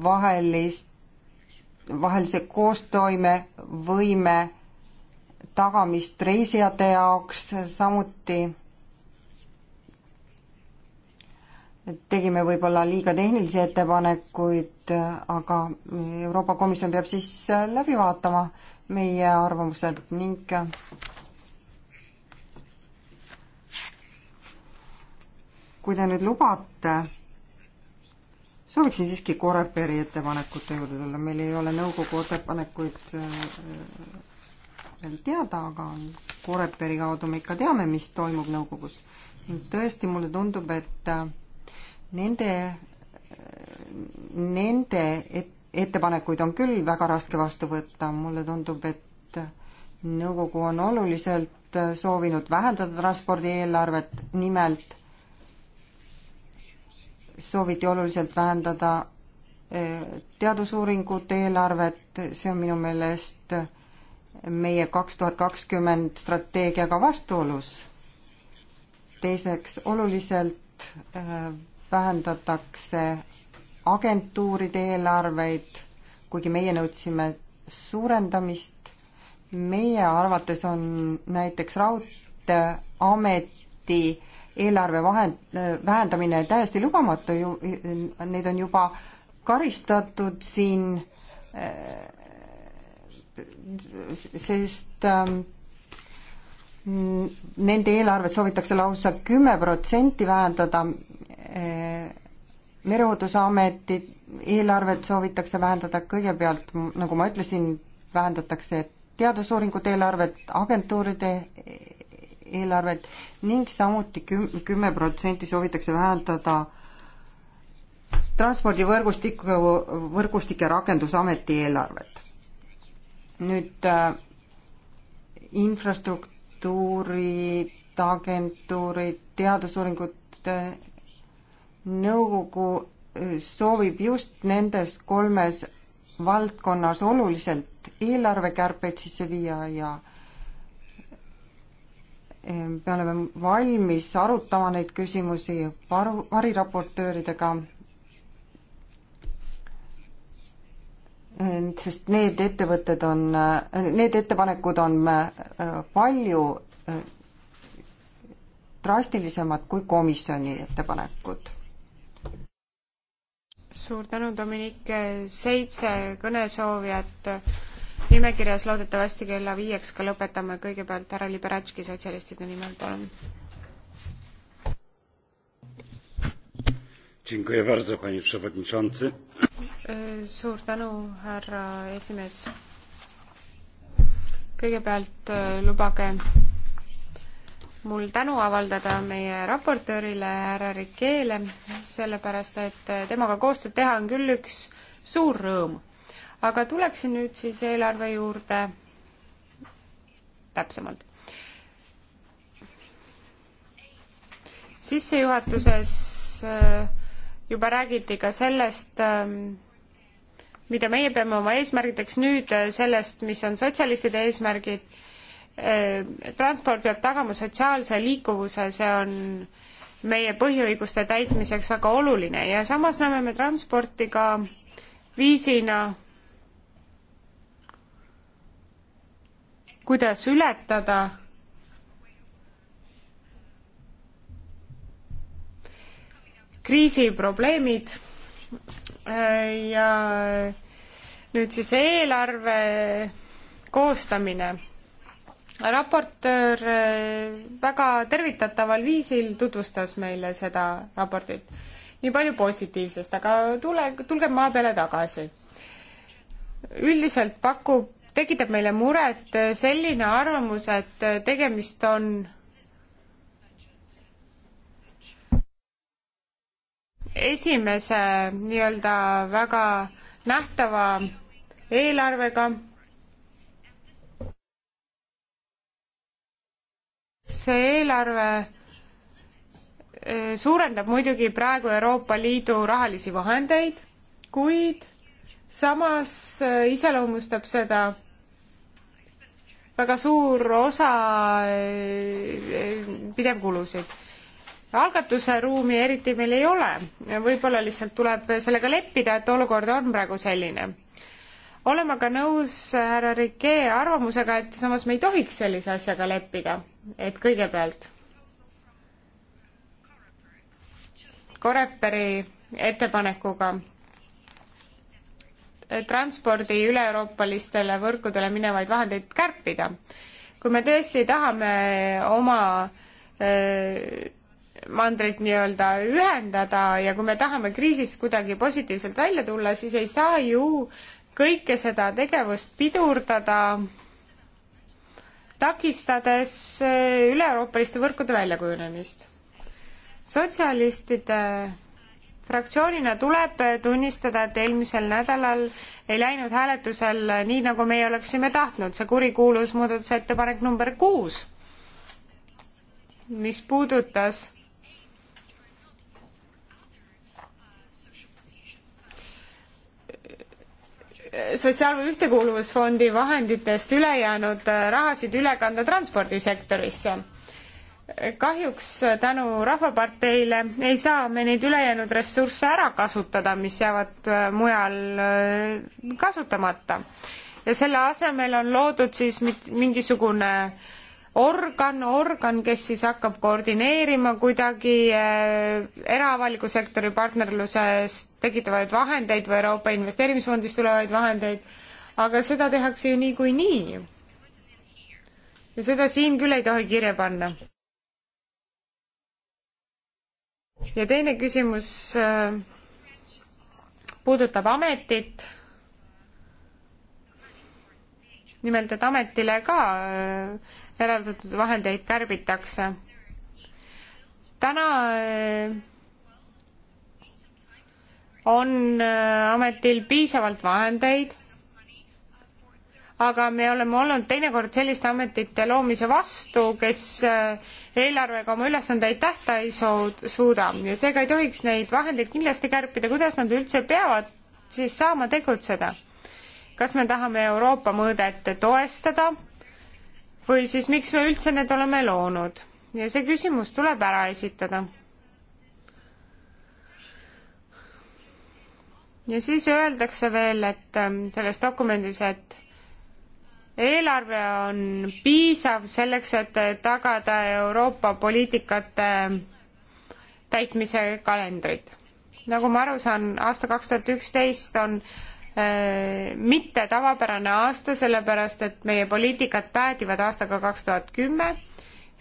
vahelist, vahelise koostoime võime tagamist reisijate jaoks, samuti tegime võib-olla liiga tehnilisi ettepanekuid, aga Euroopa Komisjon peab siis äh, läbi vaatama meie arvamused ning kui te nüüd lubate, sooviksin siiski Koreperi ettepanekute juurde tulla, meil ei ole nõukogu ettepanekuid äh, äh, veel teada, aga Koreperi kaudu me ikka teame, mis toimub nõukogus. tõesti, mulle tundub, et äh, nende, nende et, ettepanekuid on küll väga raske vastu võtta, mulle tundub, et nõukogu on oluliselt soovinud vähendada transpordieelarvet, nimelt sooviti oluliselt vähendada eh, teadusuuringute eelarvet, see on minu meelest meie kaks tuhat kakskümmend strateegiaga vastuolus. teiseks, oluliselt eh, vähendatakse agentuuride eelarveid, kuigi meie nõudsime suurendamist. meie arvates on näiteks Raudteeameti eelarve vahend, vähendamine täiesti lubamatu ju, neid on juba karistatud siin, äh, sest ähm, nende eelarvet soovitakse lausa kümme protsenti vähendada, äh, mereohutusameti eelarvet soovitakse vähendada kõigepealt, nagu ma ütlesin, vähendatakse teadusuuringute eelarvet, agentuuride eelarvet ning samuti küm-, kümme protsenti soovitakse vähendada transpordivõrgustiku, võrgustike rakendusameti eelarvet. nüüd äh, infrastruktuurid, agentuurid, teadusuuringute nõukogu äh, soovib just nendes kolmes valdkonnas oluliselt eelarvekärpeid sisse viia ja äh, Ehm, me oleme valmis arutama neid küsimusi varu, variraportööridega, ehm, sest need ettevõtted on, äh, need ettepanekud on äh, palju äh, drastilisemad kui komisjoni ettepanekud. suur tänu, Dominik, seitse kõnesoovijat nimekirjas loodetavasti kella viieks ka lõpetame, kõigepealt härra Liberatski sotsialistide nimel, palun. suur tänu, härra esimees. kõigepealt lubage mul tänu avaldada meie raportöörile härra Rikeele, sellepärast et temaga koostööd teha on küll üks suur rõõm aga tuleksin nüüd siis eelarve juurde täpsemalt. sissejuhatuses äh, juba räägiti ka sellest, ähm, mida meie peame oma eesmärgideks nüüd, äh, sellest, mis on sotsialistide eesmärgid. Äh, transport peab tagama sotsiaalse liikuvuse, see on meie põhiõiguste täitmiseks väga oluline ja samas näeme me transporti ka viisina, kuidas ületada kriisi probleemid ja nüüd siis eelarve koostamine. raportöör väga tervitataval viisil tutvustas meile seda raportit. nii palju positiivsest, aga tule, tulge maa peale tagasi. üldiselt pakub tekitab meile muret äh, selline arvamus, et äh, tegemist on esimese nii-öelda väga nähtava eelarvega. see eelarve äh, suurendab muidugi praegu Euroopa Liidu rahalisi vahendeid, kuid samas iseloomustab seda väga suur osa eh, pidevkulusid. algatuse ruumi eriti meil ei ole, võib-olla lihtsalt tuleb sellega leppida, et olukord on praegu selline. olen aga nõus härra Rikee arvamusega, et samas me ei tohiks sellise asjaga leppida, et kõigepealt Koreperi ettepanekuga transpordi üle-euroopalistele võrkudele minevaid vahendeid kärpida. kui me tõesti tahame oma äh, mandrit nii-öelda ühendada ja kui me tahame kriisist kuidagi positiivselt välja tulla, siis ei saa ju kõike seda tegevust pidurdada, takistades äh, üle-euroopaliste võrkude väljakujunemist. sotsialistide fraktsioonina tuleb tunnistada, et eelmisel nädalal ei läinud hääletusel nii, nagu meie oleksime tahtnud, see kurikuulus muudatusettepanek number kuus, mis puudutas sotsiaal- või ühtekuuluvusfondi vahenditest ülejäänud rahasid üle kanda transpordisektorisse kahjuks tänu Rahvaparteile ei saa me neid ülejäänud ressursse ära kasutada, mis jäävad äh, mujal äh, kasutamata. ja selle asemel on loodud siis mingisugune organ, organ, kes siis hakkab koordineerima kuidagi äh, eraavaliku sektori partnerluses tekitavaid vahendeid või Euroopa Investeerimisfondist tulevaid vahendeid, aga seda tehakse ju niikuinii. Nii. ja seda siin küll ei tohi kirja panna ja teine küsimus äh, puudutab ametit. nimelt, et ametile ka äh, eraldatud vahendeid kärbitakse. täna äh, on ametil piisavalt vahendeid aga me oleme olnud teinekord selliste ametite loomise vastu, kes äh, eelarvega oma ülesandeid tähta ei suuda ja seega ei tohiks neid vahendeid kindlasti kärpida, kuidas nad üldse peavad siis saama tegutseda. kas me tahame Euroopa mõõdet toestada või siis miks me üldse need oleme loonud ja see küsimus tuleb ära esitada. ja siis öeldakse veel, et ähm, selles dokumendis, et eelarve on piisav selleks, et tagada Euroopa poliitikate täitmise kalendrid. nagu ma aru saan, aasta kaks tuhat üksteist on äh, mitte tavapärane aasta, sellepärast et meie poliitikad päädivad aastaga kaks tuhat kümme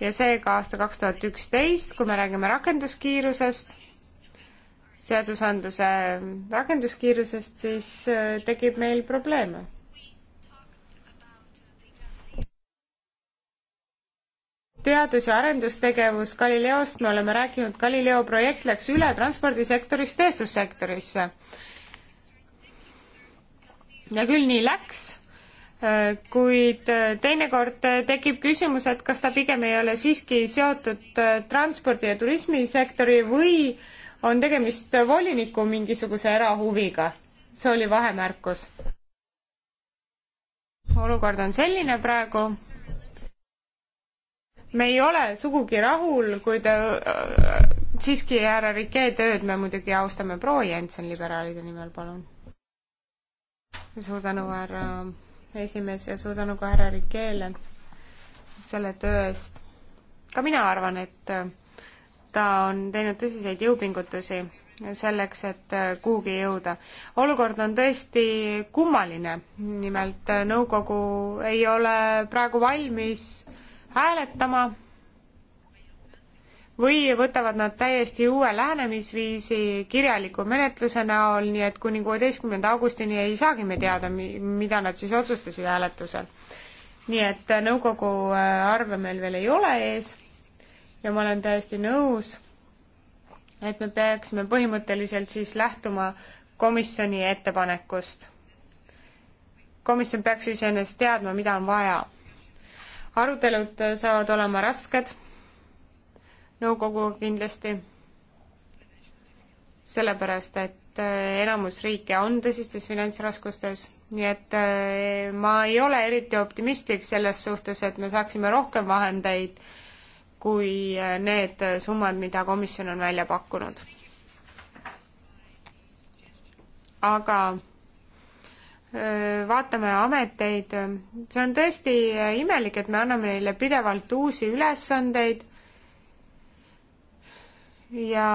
ja seega aasta kaks tuhat üksteist, kui me räägime rakenduskiirusest, seadusandluse rakenduskiirusest, siis äh, tekib meil probleeme. teadus- ja arendustegevus Galileost, me oleme rääkinud, Galileo projekt läks üle transpordisektorist tööstussektorisse. ja küll nii läks, äh, kuid äh, teinekord äh, tekib küsimus, et kas ta pigem ei ole siiski seotud transpordi- ja turismisektori või on tegemist voliniku mingisuguse erahuviga. see oli vahemärkus. olukord on selline praegu me ei ole sugugi rahul, kuid äh, siiski härra Rike tööd me muidugi austame. proua Jensen liberaalide nimel, palun. suur tänu, härra esimees ja suur tänu ka härra Rikele selle töö eest. ka mina arvan, et äh, ta on teinud tõsiseid jõupingutusi selleks, et äh, kuhugi jõuda. olukord on tõesti kummaline, nimelt äh, nõukogu ei ole praegu valmis hääletama või võtavad nad täiesti uue lähenemisviisi kirjaliku menetluse näol, nii et kuni kuueteistkümnenda augustini ei saagi me teada, mida nad siis otsustasid hääletusel. nii et nõukogu äh, arve meil veel ei ole ees ja ma olen täiesti nõus, et me peaksime põhimõtteliselt siis lähtuma komisjoni ettepanekust. komisjon peaks ju iseenesest teadma, mida on vaja arutelud äh, saavad olema rasked nõukoguga kindlasti, sellepärast et äh, enamus riike on tõsistes finantsraskustes, nii et äh, ma ei ole eriti optimistlik selles suhtes, et me saaksime rohkem vahendeid kui need summad, mida komisjon on välja pakkunud. aga vaatame ameteid, see on tõesti imelik, et me anname neile pidevalt uusi ülesandeid ja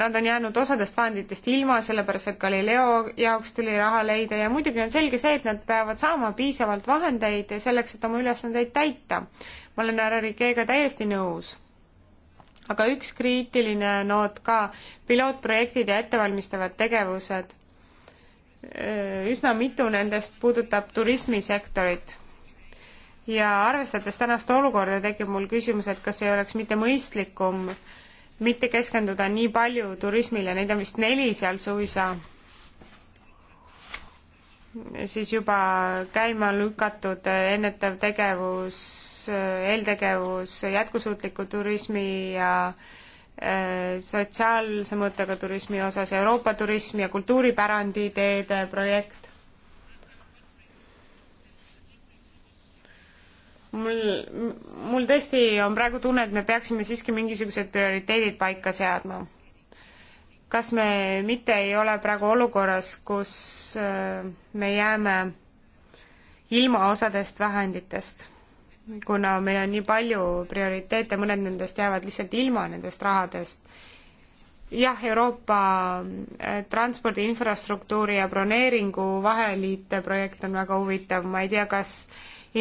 nad on jäänud osadest vahenditest ilma, sellepärast et Galileo jaoks tuli raha leida ja muidugi on selge see, et nad peavad saama piisavalt vahendeid selleks, et oma ülesandeid täita. ma olen härra Rikeega täiesti nõus. aga üks kriitiline noot ka, pilootprojektid ja ettevalmistavad tegevused Äh, üsna mitu nendest puudutab turismisektorit. ja arvestades tänast olukorda, tekib mul küsimus, et kas ei oleks mitte mõistlikum mitte keskenduda nii palju turismile, neid on vist neli seal suisa, siis juba käima lükatud ennetav tegevus, eeltegevus, jätkusuutliku turismi ja äh, Äh, sotsiaalse mõõtega turismi osas Euroopa turism ja kultuuripärandi ideede projekt. mul, mul tõesti on praegu tunne, et me peaksime siiski mingisugused prioriteedid paika seadma. kas me mitte ei ole praegu olukorras, kus äh, me jääme ilma osadest vahenditest? kuna meil on nii palju prioriteete, mõned nendest jäävad lihtsalt ilma nendest rahadest. jah, Euroopa äh, transpordi infrastruktuuri ja broneeringu vaheliite projekt on väga huvitav, ma ei tea, kas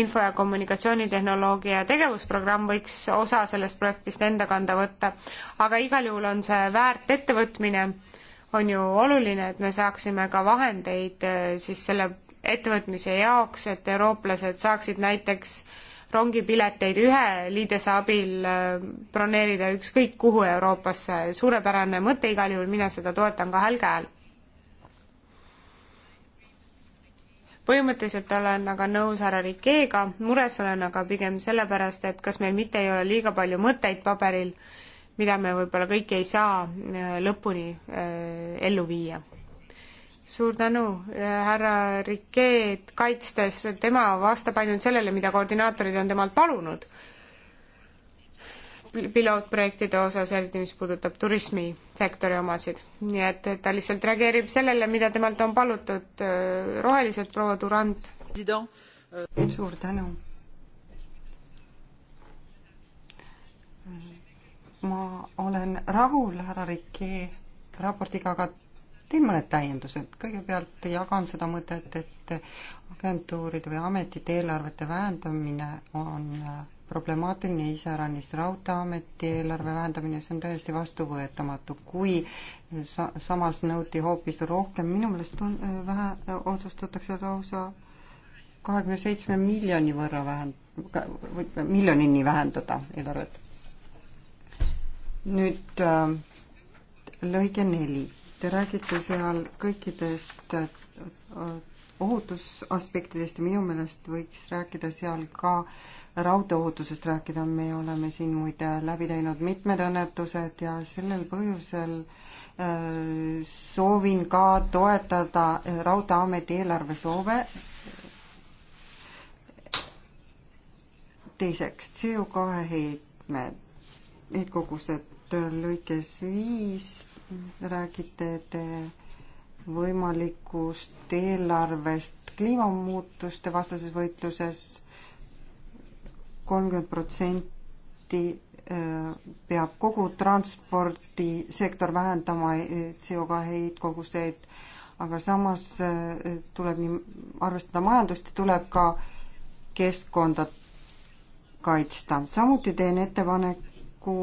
info- ja kommunikatsioonitehnoloogia tegevusprogramm võiks osa sellest projektist enda kanda võtta, aga igal juhul on see väärt ettevõtmine, on ju oluline, et me saaksime ka vahendeid äh, siis selle ettevõtmise jaoks, et eurooplased saaksid näiteks äh, rongipileteid ühe liidese abil äh, broneerida ükskõik kuhu Euroopasse, suurepärane mõte igal juhul, mina seda toetan kahel käel. põhimõtteliselt olen aga nõus härra Rikeega, mures olen aga pigem sellepärast, et kas meil mitte ei ole liiga palju mõtteid paberil, mida me võib-olla kõiki ei saa äh, lõpuni äh, ellu viia suur tänu, äh, härra Riquet, kaitstes tema vastab ainult sellele, mida koordinaatorid on temalt palunud pilootprojektide osas, eriti mis puudutab turismisektori omasid. nii et ta lihtsalt reageerib sellele, mida temalt on palutud. Äh, rohelised, proua Durand. suur tänu. ma olen rahul härra Riquet raportiga, aga teen mõned täiendused. kõigepealt jagan seda mõtet, et agentuuride või ametite eelarvete vähendamine on problemaatiline iseäranis Raudteeameti eelarve vähendamine, see on täiesti vastuvõetamatu. kui sa-, samas nõuti hoopis rohkem, minu meelest on vähe, otsustatakse lausa kahekümne seitsme miljoni võrra vähend-, või miljonini vähendada eelarvet. nüüd äh, lõige neli Te räägite seal kõikidest äh, ohutusaspektidest ja minu meelest võiks rääkida seal ka raudteeohutusest rääkida, me oleme siin muide läbi teinud mitmed õnnetused ja sellel põhjusel äh, soovin ka toetada äh, Raudteeameti eelarvesoove. teiseks CO2 heitmed, heitkogused lõikes viis räägite te võimalikust eelarvest kliimamuutuste vastases võitluses kolmkümmend protsenti äh, peab kogu transpordisektor vähendama äh, CO2 heitkoguseid, aga samas äh, tuleb nii arvestada majandust ja tuleb ka keskkonda kaitsta. samuti teen ettepaneku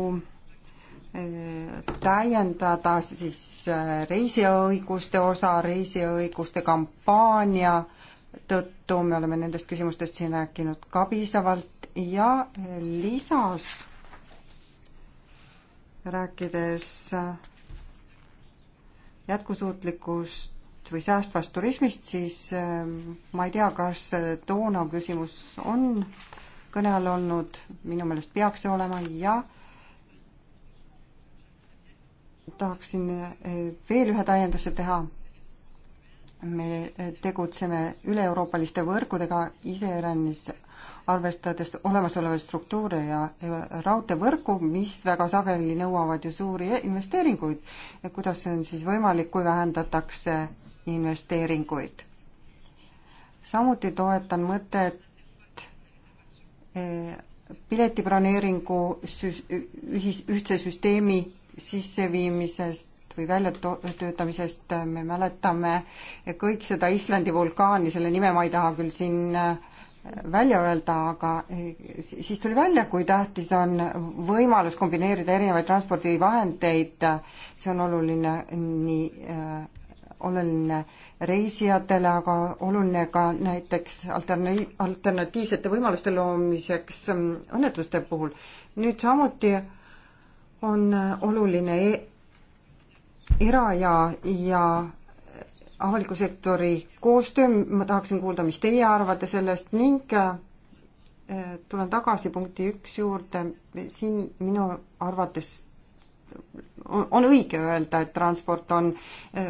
täiendada siis äh, reisiõiguste osa reisiõiguste kampaania tõttu, me oleme nendest küsimustest siin rääkinud ka piisavalt ja äh, lisas rääkides äh, jätkusuutlikust või säästvast turismist, siis ma ei tea, kas Donau küsimus on kõne all olnud, minu meelest peaks see olema ja äh, tahaksin eh, veel ühe täienduse teha. me eh, tegutseme üle-euroopaliste võrgudega iseäranis, arvestades olemasolevaid struktuure ja raudteevõrku, mis väga sageli nõuavad ju suuri investeeringuid. ja kuidas see on siis võimalik, kui vähendatakse investeeringuid? samuti toetan mõtet eh, piletibroneeringu ühis, ühtse süsteemi sisseviimisest või väljatöötamisest me mäletame kõik seda Islandi vulkaani, selle nime ma ei taha küll siin äh, välja öelda, aga äh, siis tuli välja, kui tähtis on võimalus kombineerida erinevaid transpordivahendeid, see on oluline nii äh, oluline reisijatele, aga oluline ka näiteks alterna-, alternatiivsete võimaluste loomiseks ähm, õnnetuste puhul. nüüd samuti on oluline e era- ja, ja avaliku sektori koostöö, ma tahaksin kuulda, mis teie arvate sellest ning äh, tulen tagasi punkti üks juurde, siin minu arvates on, on õige öelda, et transport on,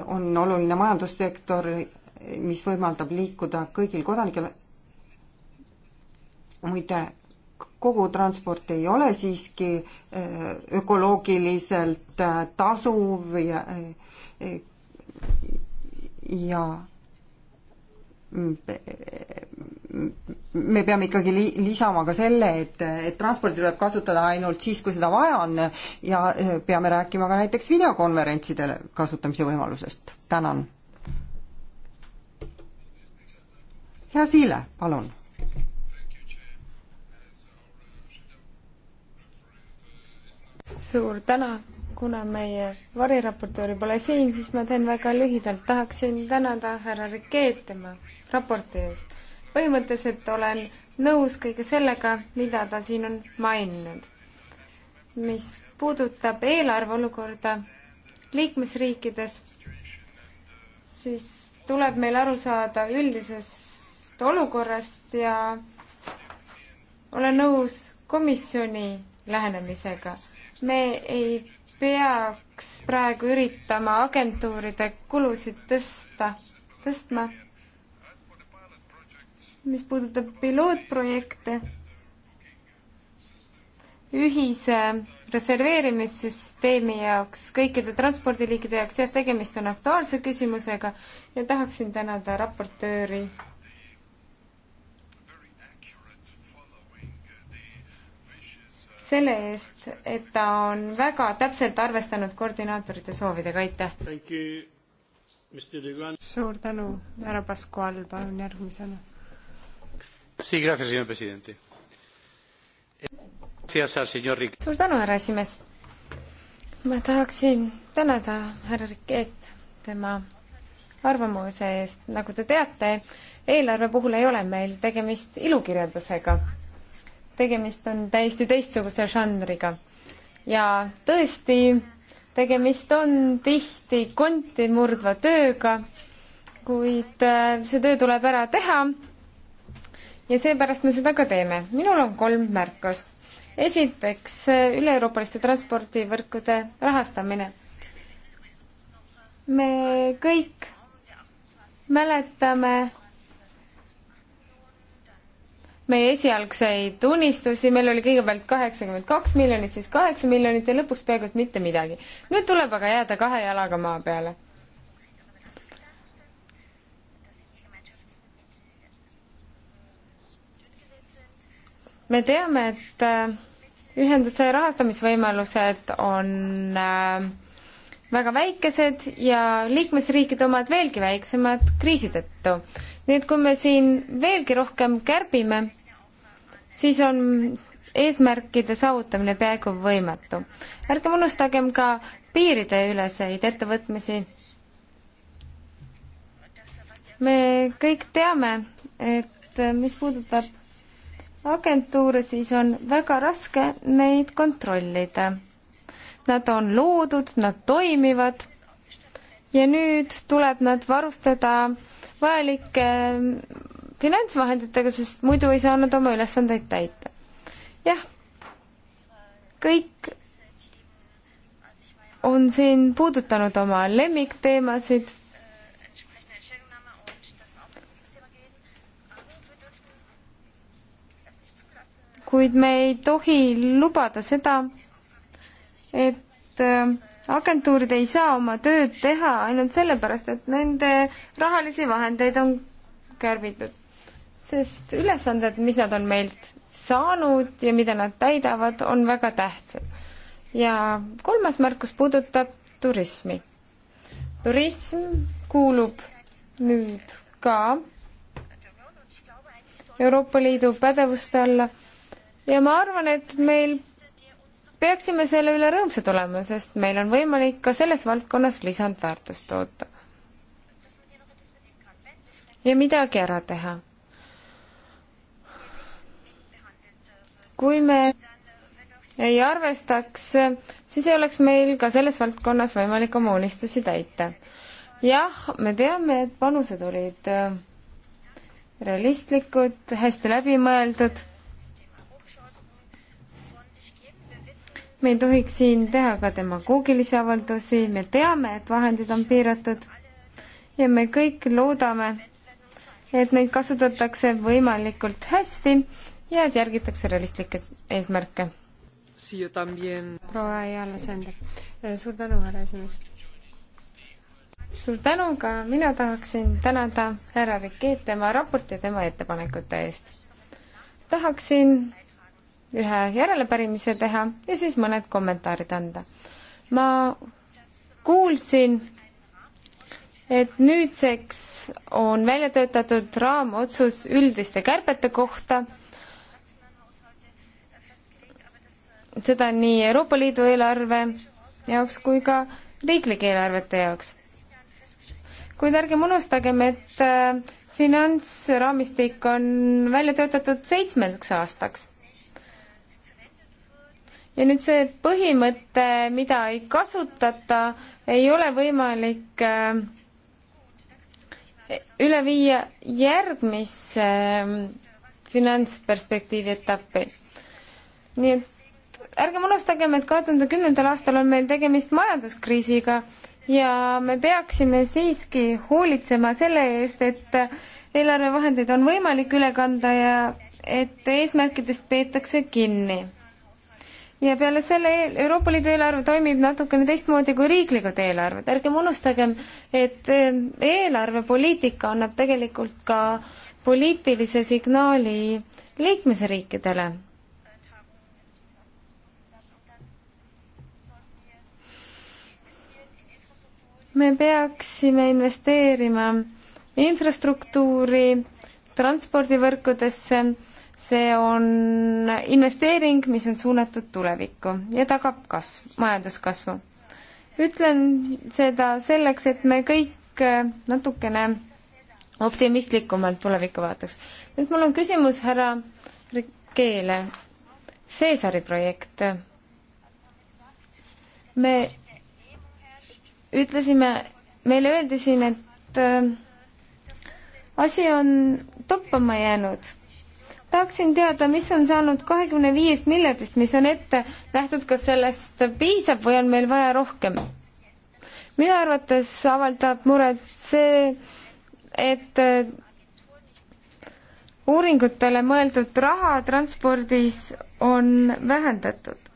on oluline majandussektor, mis võimaldab liikuda kõigil kodanikel. muide, kogu transport ei ole siiski eh, ökoloogiliselt eh, tasuv ja, eh, ja me peame ikkagi li lisama ka selle, et, et transporti tuleb kasutada ainult siis, kui seda vaja on ja peame rääkima ka näiteks videokonverentsidele kasutamise võimalusest. tänan. hea Siile, palun suur täna, kuna meie variraportööri pole siin, siis ma teen väga lühidalt, tahaksin tänada härra Rikeet tema raporti eest. põhimõtteliselt olen nõus kõige sellega, mida ta siin on maininud. mis puudutab eelarve olukorda liikmesriikides, siis tuleb meil aru saada üldisest olukorrast ja olen nõus komisjoni lähenemisega me ei peaks praegu üritama agentuuride kulusid tõsta, tõstma. mis puudutab pilootprojekte, ühise reserveerimissüsteemi jaoks, kõikide transpordiliikide jaoks, jah, tegemist on aktuaalse küsimusega ja tahaksin tänada raportööri selle eest, et ta on väga täpselt arvestanud koordinaatorite soovidega, aitäh! suur tänu, härra Pascual, palun järgmisena. suur tänu, härra esimees! ma tahaksin tänada härra Riket tema arvamuse eest, nagu te teate, eelarve puhul ei ole meil tegemist ilukirjandusega tegemist on täiesti teistsuguse žanriga. ja tõesti, tegemist on tihti konti murdva tööga, kuid äh, see töö tuleb ära teha ja seepärast me seda ka teeme. minul on kolm märkust. esiteks, äh, üle-euroopaliste transpordivõrkude rahastamine. me kõik mäletame meie esialgseid unistusi, meil oli kõigepealt kaheksakümmend kaks miljonit, siis kaheksa miljonit ja lõpuks peaaegu et mitte midagi. nüüd tuleb aga jääda kahe jalaga maa peale. me teame, et äh, ühenduse rahastamisvõimalused on äh, väga väikesed ja liikmesriikide omad veelgi väiksemad kriisi tõttu. nii et kui me siin veelgi rohkem kärbime, siis on eesmärkide saavutamine peaaegu võimatu. ärgem unustagem ka piirideüleseid ettevõtmisi. me kõik teame, et mis puudutab agentuure, siis on väga raske neid kontrollida nad on loodud, nad toimivad ja nüüd tuleb nad varustada vajalike mm, finantsvahenditega, sest muidu ei saa nad oma ülesandeid täita. jah, kõik on siin puudutanud oma lemmikteemasid. kuid me ei tohi lubada seda, et äh, agentuurid ei saa oma tööd teha ainult sellepärast, et nende rahalisi vahendeid on kärbitud. sest ülesanded, mis nad on meilt saanud ja mida nad täidavad, on väga tähtsad. ja kolmas märkus puudutab turismi. turism kuulub nüüd ka Euroopa Liidu pädevuste alla ja ma arvan, et meil peaksime selle üle rõõmsad olema, sest meil on võimalik ka selles valdkonnas lisandväärtust toota. ja midagi ära teha. kui me ei arvestaks, siis ei oleks meil ka selles valdkonnas võimalik oma unistusi täita. jah, me teame, et panused olid äh, realistlikud, hästi läbimõeldud me ei tohiks siin teha ka demagoogilisi avaldusi, me teame, et vahendid on piiratud ja me kõik loodame, et neid kasutatakse võimalikult hästi ja et järgitakse realistlikke eesmärke. proua Jaala Sander, suur tänu, härra esimees! suur tänu ka, mina tahaksin tänada härra Rikeet tema raporti ja tema ettepanekute eest. tahaksin ühe järelepärimise teha ja siis mõned kommentaarid anda. ma kuulsin, et nüüdseks on välja töötatud raamotsus üldiste kärbete kohta, seda nii Euroopa Liidu eelarve jaoks kui ka riiklike eelarvete jaoks. kuid ärgem unustagem, et äh, finantsraamistik on välja töötatud seitsmeks aastaks ja nüüd see põhimõte, mida ei kasutata, ei ole võimalik äh, üle viia järgmisse ähm, finantsperspektiivi etappi. nii et ärgem unustagem, et kahe tuhande kümnendal aastal on meil tegemist majanduskriisiga ja me peaksime siiski hoolitsema selle eest, et eelarvevahendeid on võimalik üle kanda ja et eesmärkidest peetakse kinni ja peale selle Euroopa Liidu eelarve toimib natukene teistmoodi kui riiklikud eelarved. ärgem unustagem, et ehm, eelarvepoliitika annab tegelikult ka poliitilise signaali liikmesriikidele. me peaksime investeerima infrastruktuuri, transpordivõrkudesse see on investeering, mis on suunatud tulevikku ja tagab kasv, majanduskasvu. ütlen seda selleks, et me kõik äh, natukene optimistlikumalt tulevikku vaataks. nüüd mul on küsimus härra Keele. Seesari projekt. me ütlesime, meile öeldi siin, et äh, asi on toppama jäänud tahaksin teada, mis on saanud kahekümne viiest miljardist, mis on ette nähtud, kas sellest piisab või on meil vaja rohkem? minu arvates avaldab muret see, et äh, uuringutele mõeldud raha transpordis on vähendatud.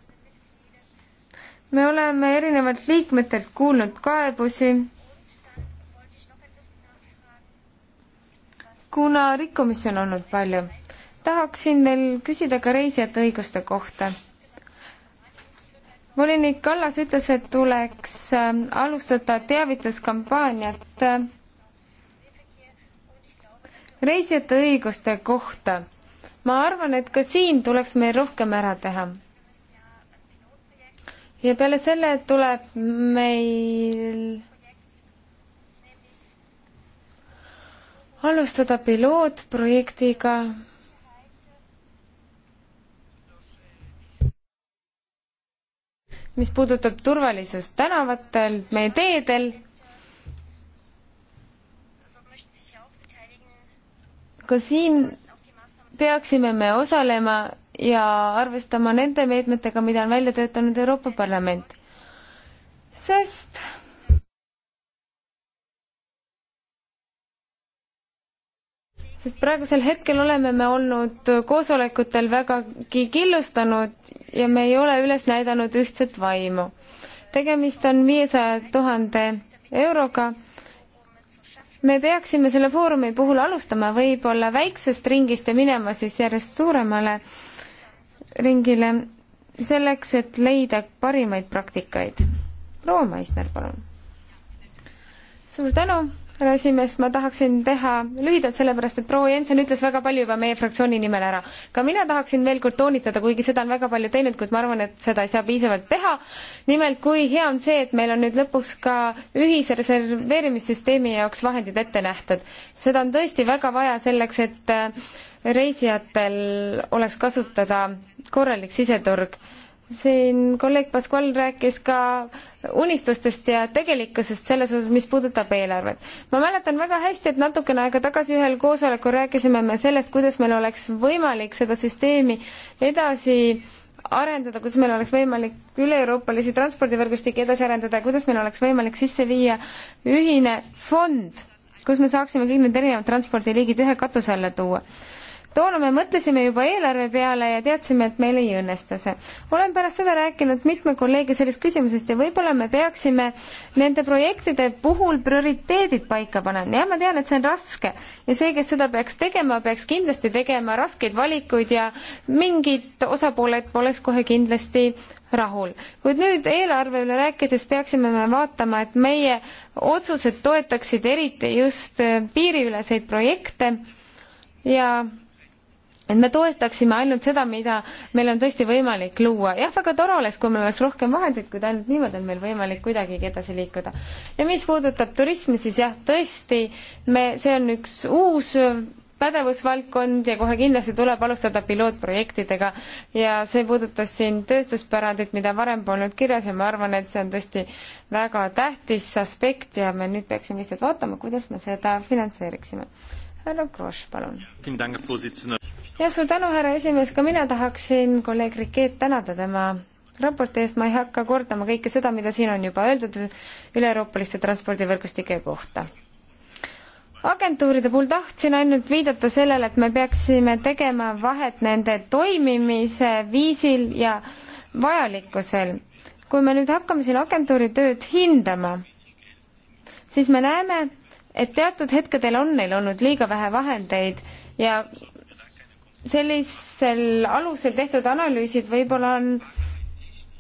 me oleme erinevalt liikmetelt kuulnud kaebusi, kuna rikkumisi on olnud palju tahaksin veel küsida ka reisijate õiguste kohta. volinik Kallas ütles, et tuleks äh, alustada teavituskampaaniat äh, reisijate õiguste kohta. ma arvan, et ka siin tuleks meil rohkem ära teha. ja peale selle tuleb meil alustada pilootprojektiga mis puudutab turvalisust tänavatel, meie teedel. ka siin peaksime me osalema ja arvestama nende meetmetega, mida on välja töötanud Euroopa Parlament. sest sest praegusel hetkel oleme me olnud koosolekutel vägagi killustanud ja me ei ole üles näidanud ühtset vaimu. tegemist on viiesaja tuhande euroga. me peaksime selle foorumi puhul alustama võib-olla väiksest ringist ja minema siis järjest suuremale ringile selleks, et leida parimaid praktikaid. proua Maisner, palun. suur tänu härra esimees, ma tahaksin teha lühidalt, sellepärast et proua Jensen ütles väga palju juba meie fraktsiooni nimel ära. ka mina tahaksin veel kord toonitada, kuigi seda on väga palju teinud, kuid ma arvan, et seda ei saa piisavalt teha. nimelt, kui hea on see, et meil on nüüd lõpuks ka ühise reserveerimissüsteemi jaoks vahendid ette nähtud. seda on tõesti väga vaja selleks, et äh, reisijatel oleks kasutada korralik siseturg siin kolleeg Pascual rääkis ka unistustest ja tegelikkusest selles osas, mis puudutab eelarvet. ma mäletan väga hästi, et natukene aega tagasi ühel koosolekul rääkisime me sellest, kuidas meil oleks võimalik seda süsteemi edasi arendada, kuidas meil oleks võimalik üle-euroopalisi transpordivõrgustikke edasi arendada ja kuidas meil oleks võimalik sisse viia ühine fond, kus me saaksime kõik need erinevad transpordiliigid ühe katuse alla tuua toona me mõtlesime juba eelarve peale ja teadsime, et meil ei õnnestu see. olen pärast seda rääkinud mitme kolleegi sellest küsimusest ja võib-olla me peaksime nende projektide puhul prioriteedid paika panema. jah, ma tean, et see on raske ja see, kes seda peaks tegema, peaks kindlasti tegema raskeid valikuid ja mingid osapooled poleks kohe kindlasti rahul. kuid nüüd eelarve üle rääkides peaksime me vaatama, et meie otsused toetaksid eriti just piiriüleseid projekte ja et me toetaksime ainult seda, mida meil on tõesti võimalik luua. jah, väga tore oleks, kui meil oleks rohkem vahendeid, kuid ainult niimoodi on meil võimalik kuidagigi edasi liikuda. ja mis puudutab turismi, siis jah, tõesti, me, see on üks uus pädevusvaldkond ja kohe kindlasti tuleb alustada pilootprojektidega ja see puudutas siin tööstuspärandit, mida varem polnud kirjas ja ma arvan, et see on tõesti väga tähtis aspekt ja me nüüd peaksime lihtsalt vaatama, kuidas me seda finantseeriksime härra Grosch, palun. ja suur tänu, härra esimees, ka mina tahaksin kolleeg Riket tänada tema raporti eest, ma ei hakka kordama kõike seda, mida siin on juba öeldud üle-euroopaliste transpordivõrgustike kohta. agentuuride puhul tahtsin ainult viidata sellele, et me peaksime tegema vahet nende toimimise viisil ja vajalikkusel. kui me nüüd hakkame siin agentuuri tööd hindama, siis me näeme, et teatud hetkedel on neil olnud liiga vähe vahendeid ja sellisel alusel tehtud analüüsid võib-olla on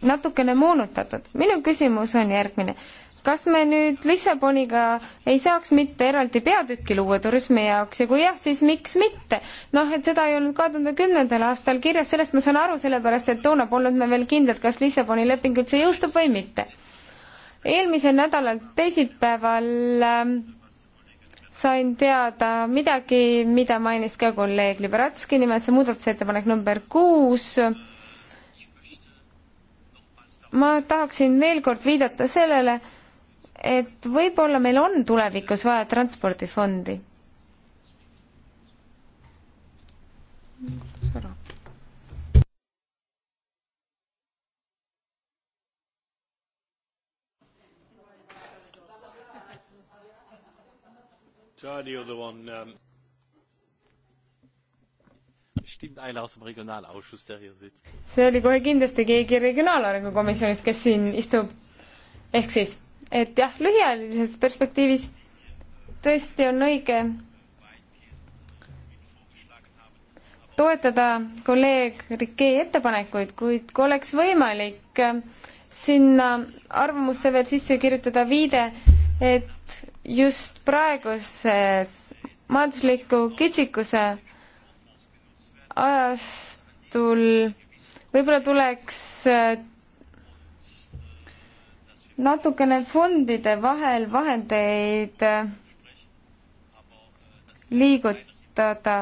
natukene moonutatud. minu küsimus on järgmine. kas me nüüd Lissaboniga ei saaks mitte eraldi peatükki luua turismi jaoks ja kui jah, siis miks mitte? noh, et seda ei olnud kahe tuhande kümnendal aastal kirjas, sellest ma saan aru, sellepärast et toona polnud me veel kindlad, kas Lissaboni leping üldse jõustub või mitte. eelmisel nädalal teisipäeval äh, sain teada midagi, mida mainis ka kolleeg Liberatski, nimelt see muudatusettepanek number kuus. ma tahaksin veel kord viidata sellele, et võib-olla meil on tulevikus vaja transpordifondi. Charlie, you're the one. Um see oli kohe kindlasti keegi Regionaalarengu komisjonist, kes siin istub. ehk siis, et jah, lühiajalises perspektiivis tõesti on õige toetada kolleeg Rikei ettepanekuid, kuid kui oleks võimalik sinna arvamusse veel sisse kirjutada viide, et just praeguse majandusliku kitsikuse ajastul võib-olla tuleks äh, natukene fondide vahel vahendeid äh, liigutada.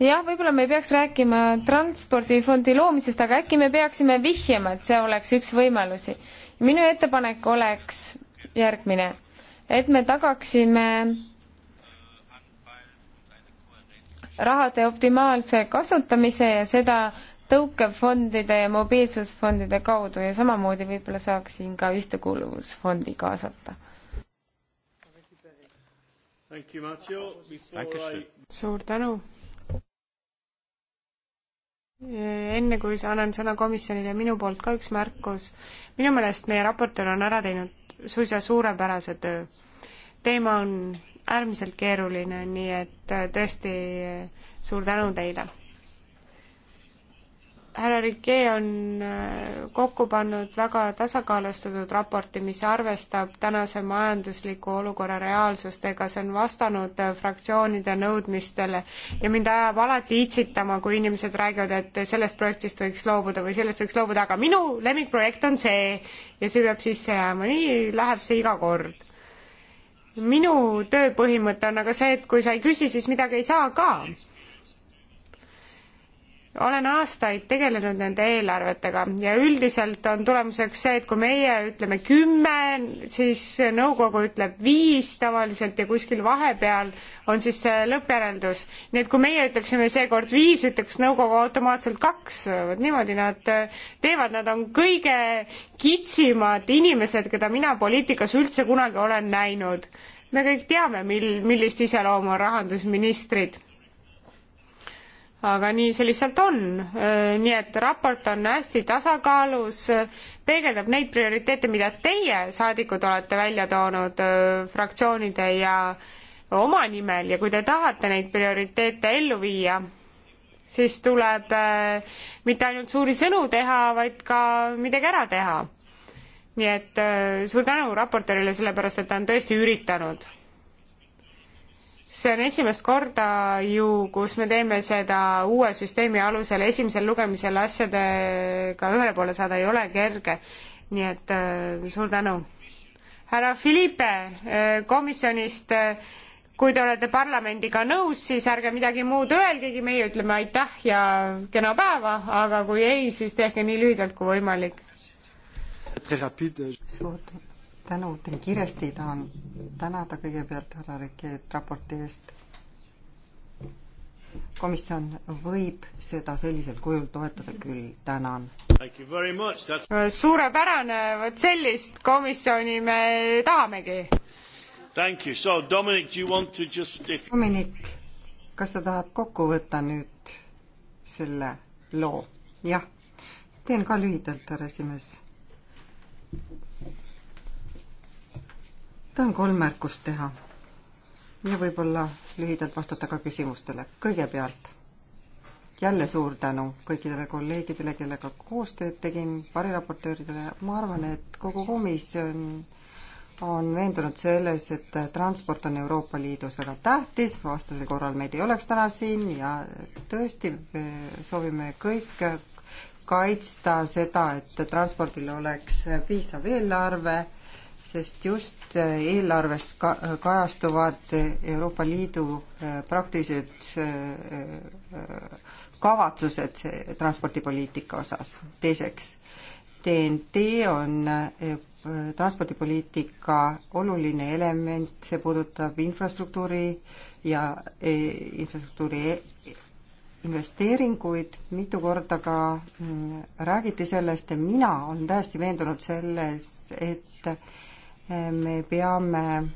jah, võib-olla me ei peaks rääkima transpordifondi loomisest, aga äkki me peaksime vihjama, et see oleks üks võimalusi. minu ettepanek oleks järgmine et me tagaksime rahade optimaalse kasutamise ja seda tõukefondide ja mobiilsusfondide kaudu ja samamoodi võib-olla saaks siin ka ühtekuuluvusfondi kaasata. suur tänu. enne kui annan sõna komisjonile, minu poolt ka üks märkus. minu meelest meie raportöör on ära teinud suisa suurepärase töö. teema on äärmiselt keeruline, nii et tõesti suur tänu teile! härra Riquet on äh, kokku pannud väga tasakaalustatud raporti, mis arvestab tänase majandusliku olukorra reaalsustega, see on vastanud äh, fraktsioonide nõudmistele ja mind ajab alati itsitama, kui inimesed räägivad, et sellest projektist võiks loobuda või sellest võiks loobuda, aga minu lemmikprojekt on see ja see peab sisse jääma, nii läheb see iga kord. minu töö põhimõte on aga see, et kui sa ei küsi, siis midagi ei saa ka olen aastaid tegelenud nende eelarvetega ja üldiselt on tulemuseks see, et kui meie ütleme kümme, siis nõukogu ütleb viis tavaliselt ja kuskil vahepeal on siis see lõppjäreldus. nii et kui meie ütleksime seekord viis, ütleks nõukogu automaatselt kaks, vot niimoodi nad teevad, nad on kõige kitsimad inimesed, keda mina poliitikas üldse kunagi olen näinud. me kõik teame, mil, millist iseloomu on rahandusministrid aga nii see lihtsalt on. Äh, nii et raport on hästi tasakaalus, äh, peegeldab neid prioriteete, mida teie, saadikud, olete välja toonud äh, fraktsioonide ja oma nimel ja kui te tahate neid prioriteete ellu viia, siis tuleb mitte ainult suuri sõnu teha, vaid ka midagi ära teha. nii et suur tänu raportöörile, sellepärast et ta on tõesti üritanud see on esimest korda ju, kus me teeme seda uue süsteemi alusel, esimesel lugemisel asjadega ühele poole saada ei ole kerge. nii et äh, suur tänu. härra Filipe äh, komisjonist, äh, kui te olete parlamendiga nõus, siis ärge midagi muud öelgegi, meie ütleme aitäh ja kena päeva, aga kui ei, siis tehke nii lühidalt kui võimalik. suur tänu tänu, teen kiiresti, tahan tänada kõigepealt härra Rikkeed raporti eest. komisjon võib seda sellisel kujul toetada küll, tänan. suurepärane, vot sellist komisjoni me tahamegi. Dominic, just... Dominic, kas sa tahad kokku võtta nüüd selle loo? jah, teen ka lühidalt, härra esimees tahan kolm märkust teha ja võib-olla lühidalt vastata ka küsimustele. kõigepealt jälle suur tänu kõikidele kolleegidele, kellega koostööd tegin, variraportööridele, ma arvan, et kogu komisjon on veendunud selles, et transport on Euroopa Liidus väga tähtis, vastasel korral meid ei oleks täna siin ja tõesti soovime kõik kaitsta seda, et transpordil oleks piisav eelarve sest just äh, eelarves ka kajastuvad Euroopa Liidu äh, praktilised äh, kavatsused transpordipoliitika osas. teiseks, TNT on transpordipoliitika oluline element, see puudutab infrastruktuuri ja e, infrastruktuuri e-, investeeringuid, mitu korda ka mm, räägiti sellest ja mina olen täiesti veendunud selles, et me peame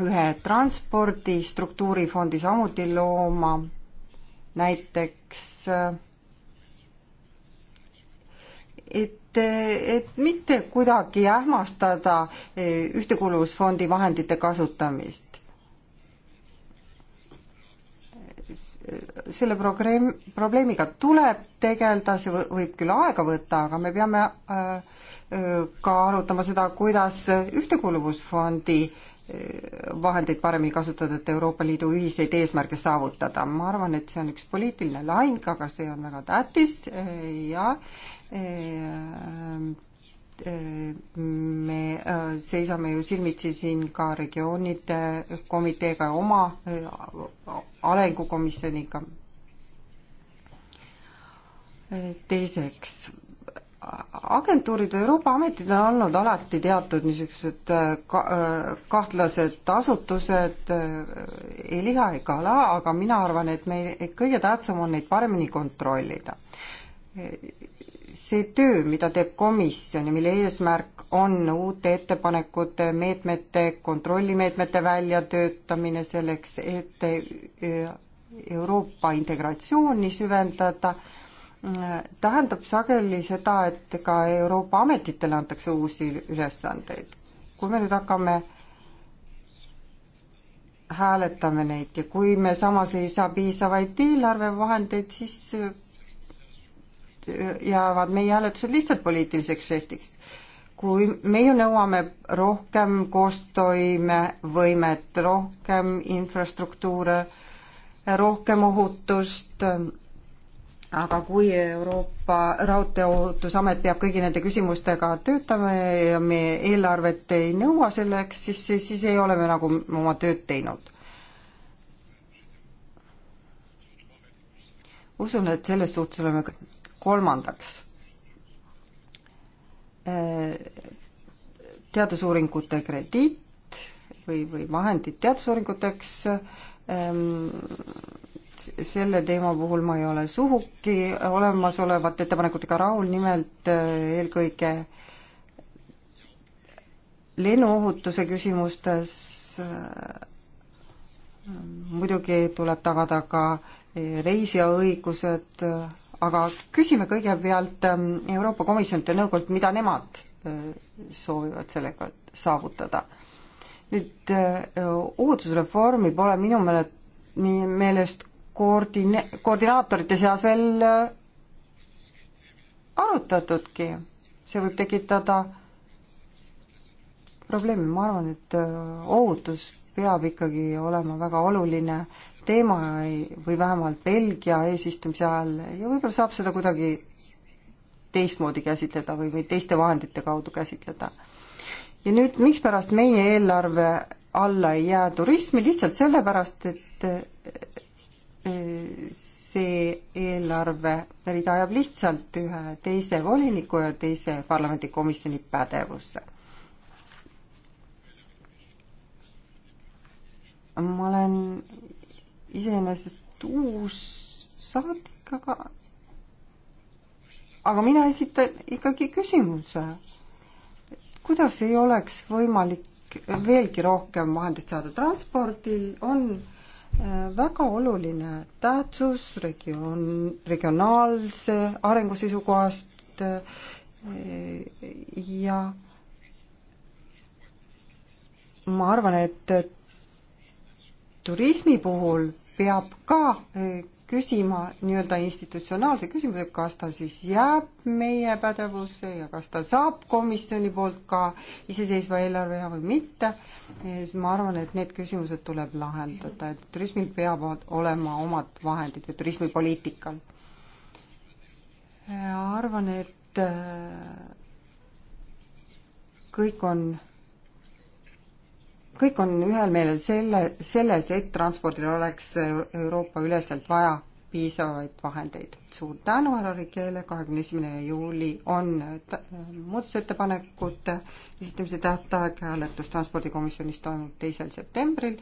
ühe transpordistruktuurifondi samuti looma, näiteks et, et mitte kuidagi ähmastada ühtekuuluvusfondi vahendite kasutamist. selle probleem, probleemiga tuleb tegeleda, see võib küll aega võtta, aga me peame äh, ka arutama seda, kuidas Ühtekuuluvusfondi eh, vahendeid paremini kasutada, et Euroopa Liidu ühiseid eesmärke saavutada. ma arvan, et see on üks poliitiline lahing, aga see on väga tähtis eh, ja eh, me seisame ju silmitsi siin ka regioonide komiteega ja oma arengukomisjoniga. teiseks agentuurid või Euroopa ametid on olnud alati teatud niisugused äh, ka, äh, kahtlased asutused, äh, ei liha ei kala, aga mina arvan, et meil et kõige tähtsam on neid paremini kontrollida. see töö, mida teeb komisjon ja mille eesmärk on uute ettepanekute, meetmete, kontrollimeetmete väljatöötamine selleks, et Euroopa integratsiooni süvendada tähendab sageli seda, et ka Euroopa ametitele antakse uusi ülesandeid. kui me nüüd hakkame hääletame neid ja kui me samas ei saa piisavaid eelarvevahendeid, siis äh, jäävad meie hääletused lihtsalt poliitiliseks žestiks. kui meie nõuame rohkem koostoimevõimet, rohkem infrastruktuure, rohkem ohutust, aga kui Euroopa Raudteeohutusamet peab kõigi nende küsimustega töötama ja me eelarvet ei nõua selleks, siis, siis ei ole me nagu oma tööd teinud. usun, et selles suhtes oleme kolmandaks. Äh, teadusuuringute krediit või, või vahendid teadusuuringuteks ähm, selle teema puhul ma ei ole sugugi olemasolevate ettepanekutega rahul, nimelt äh, eelkõige lennuohutuse küsimustes äh, muidugi tuleb tagada ka äh, reisija õigused, aga küsime kõigepealt Euroopa Komisjonilt ja nõukogult, mida nemad soovivad sellega saavutada. nüüd ohutusreformi pole minu meelest, meelest koordine-, koordinaatorite seas veel äh, arutatudki. see võib tekitada probleeme, ma arvan, et äh, ohutus peab ikkagi olema väga oluline teema või vähemalt Belgia eesistumise ajal ja võib-olla saab seda kuidagi teistmoodi käsitleda või, või teiste vahendite kaudu käsitleda. ja nüüd, mikspärast meie eelarve alla ei jää turismi, lihtsalt sellepärast, et see eelarve rida ajab lihtsalt ühe teise voliniku ja teise parlamendikomisjoni pädevusse. ma olen iseenesest uus saadik, aga aga mina esitan ikkagi küsimuse, kuidas ei oleks võimalik veelgi rohkem vahendeid saada transpordil, on väga oluline tähtsus regioon, regionaalse arengu seisukohast eh, ja ma arvan, et turismi puhul peab ka eh, küsima nii-öelda institutsionaalse küsimuse, kas ta siis jääb meie pädevusse ja kas ta saab komisjoni poolt ka iseseisva eelarve ja või mitte, siis ma arvan, et need küsimused tuleb lahendada, et turismil peavad olema omad vahendid ja turismipoliitikal. arvan, et äh, kõik on kõik on ühel meelel selle, selles, et transpordil oleks Euroopa üleselt vaja piisavaid vahendeid. suur tänu, härra Rikeele, kahekümne esimene juuli on äh, muudatusettepanekute esitamise tähtaeg, hääletus Transpordikomisjonis toimub teisel septembril,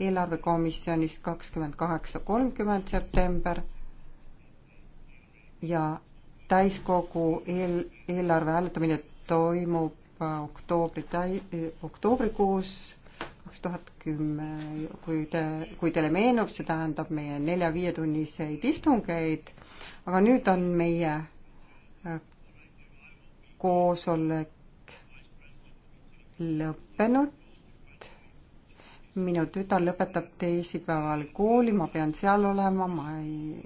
eelarvekomisjonis kakskümmend kaheksa, kolmkümmend september ja täiskogu eel, eelarve hääletamine toimub äh, oktoobri täi-, oktoobrikuus kaks tuhat kümme, kui te, kui teile meenub, see tähendab meie nelja-viietunniseid istungeid, aga nüüd on meie äh, koosolek lõppenud. minu tütar lõpetab teisipäeval kooli, ma pean seal olema, ma ei,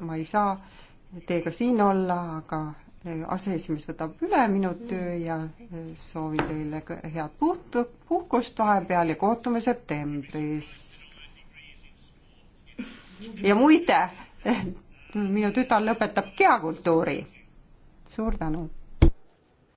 ma ei saa teiega siin olla, aga aseesimees võtab üle minu töö ja e, soovin teile head puhtu, puhkust vahepeal ja kohtume septembris. ja muide, minu tütar lõpetab kehakultuuri. suur tänu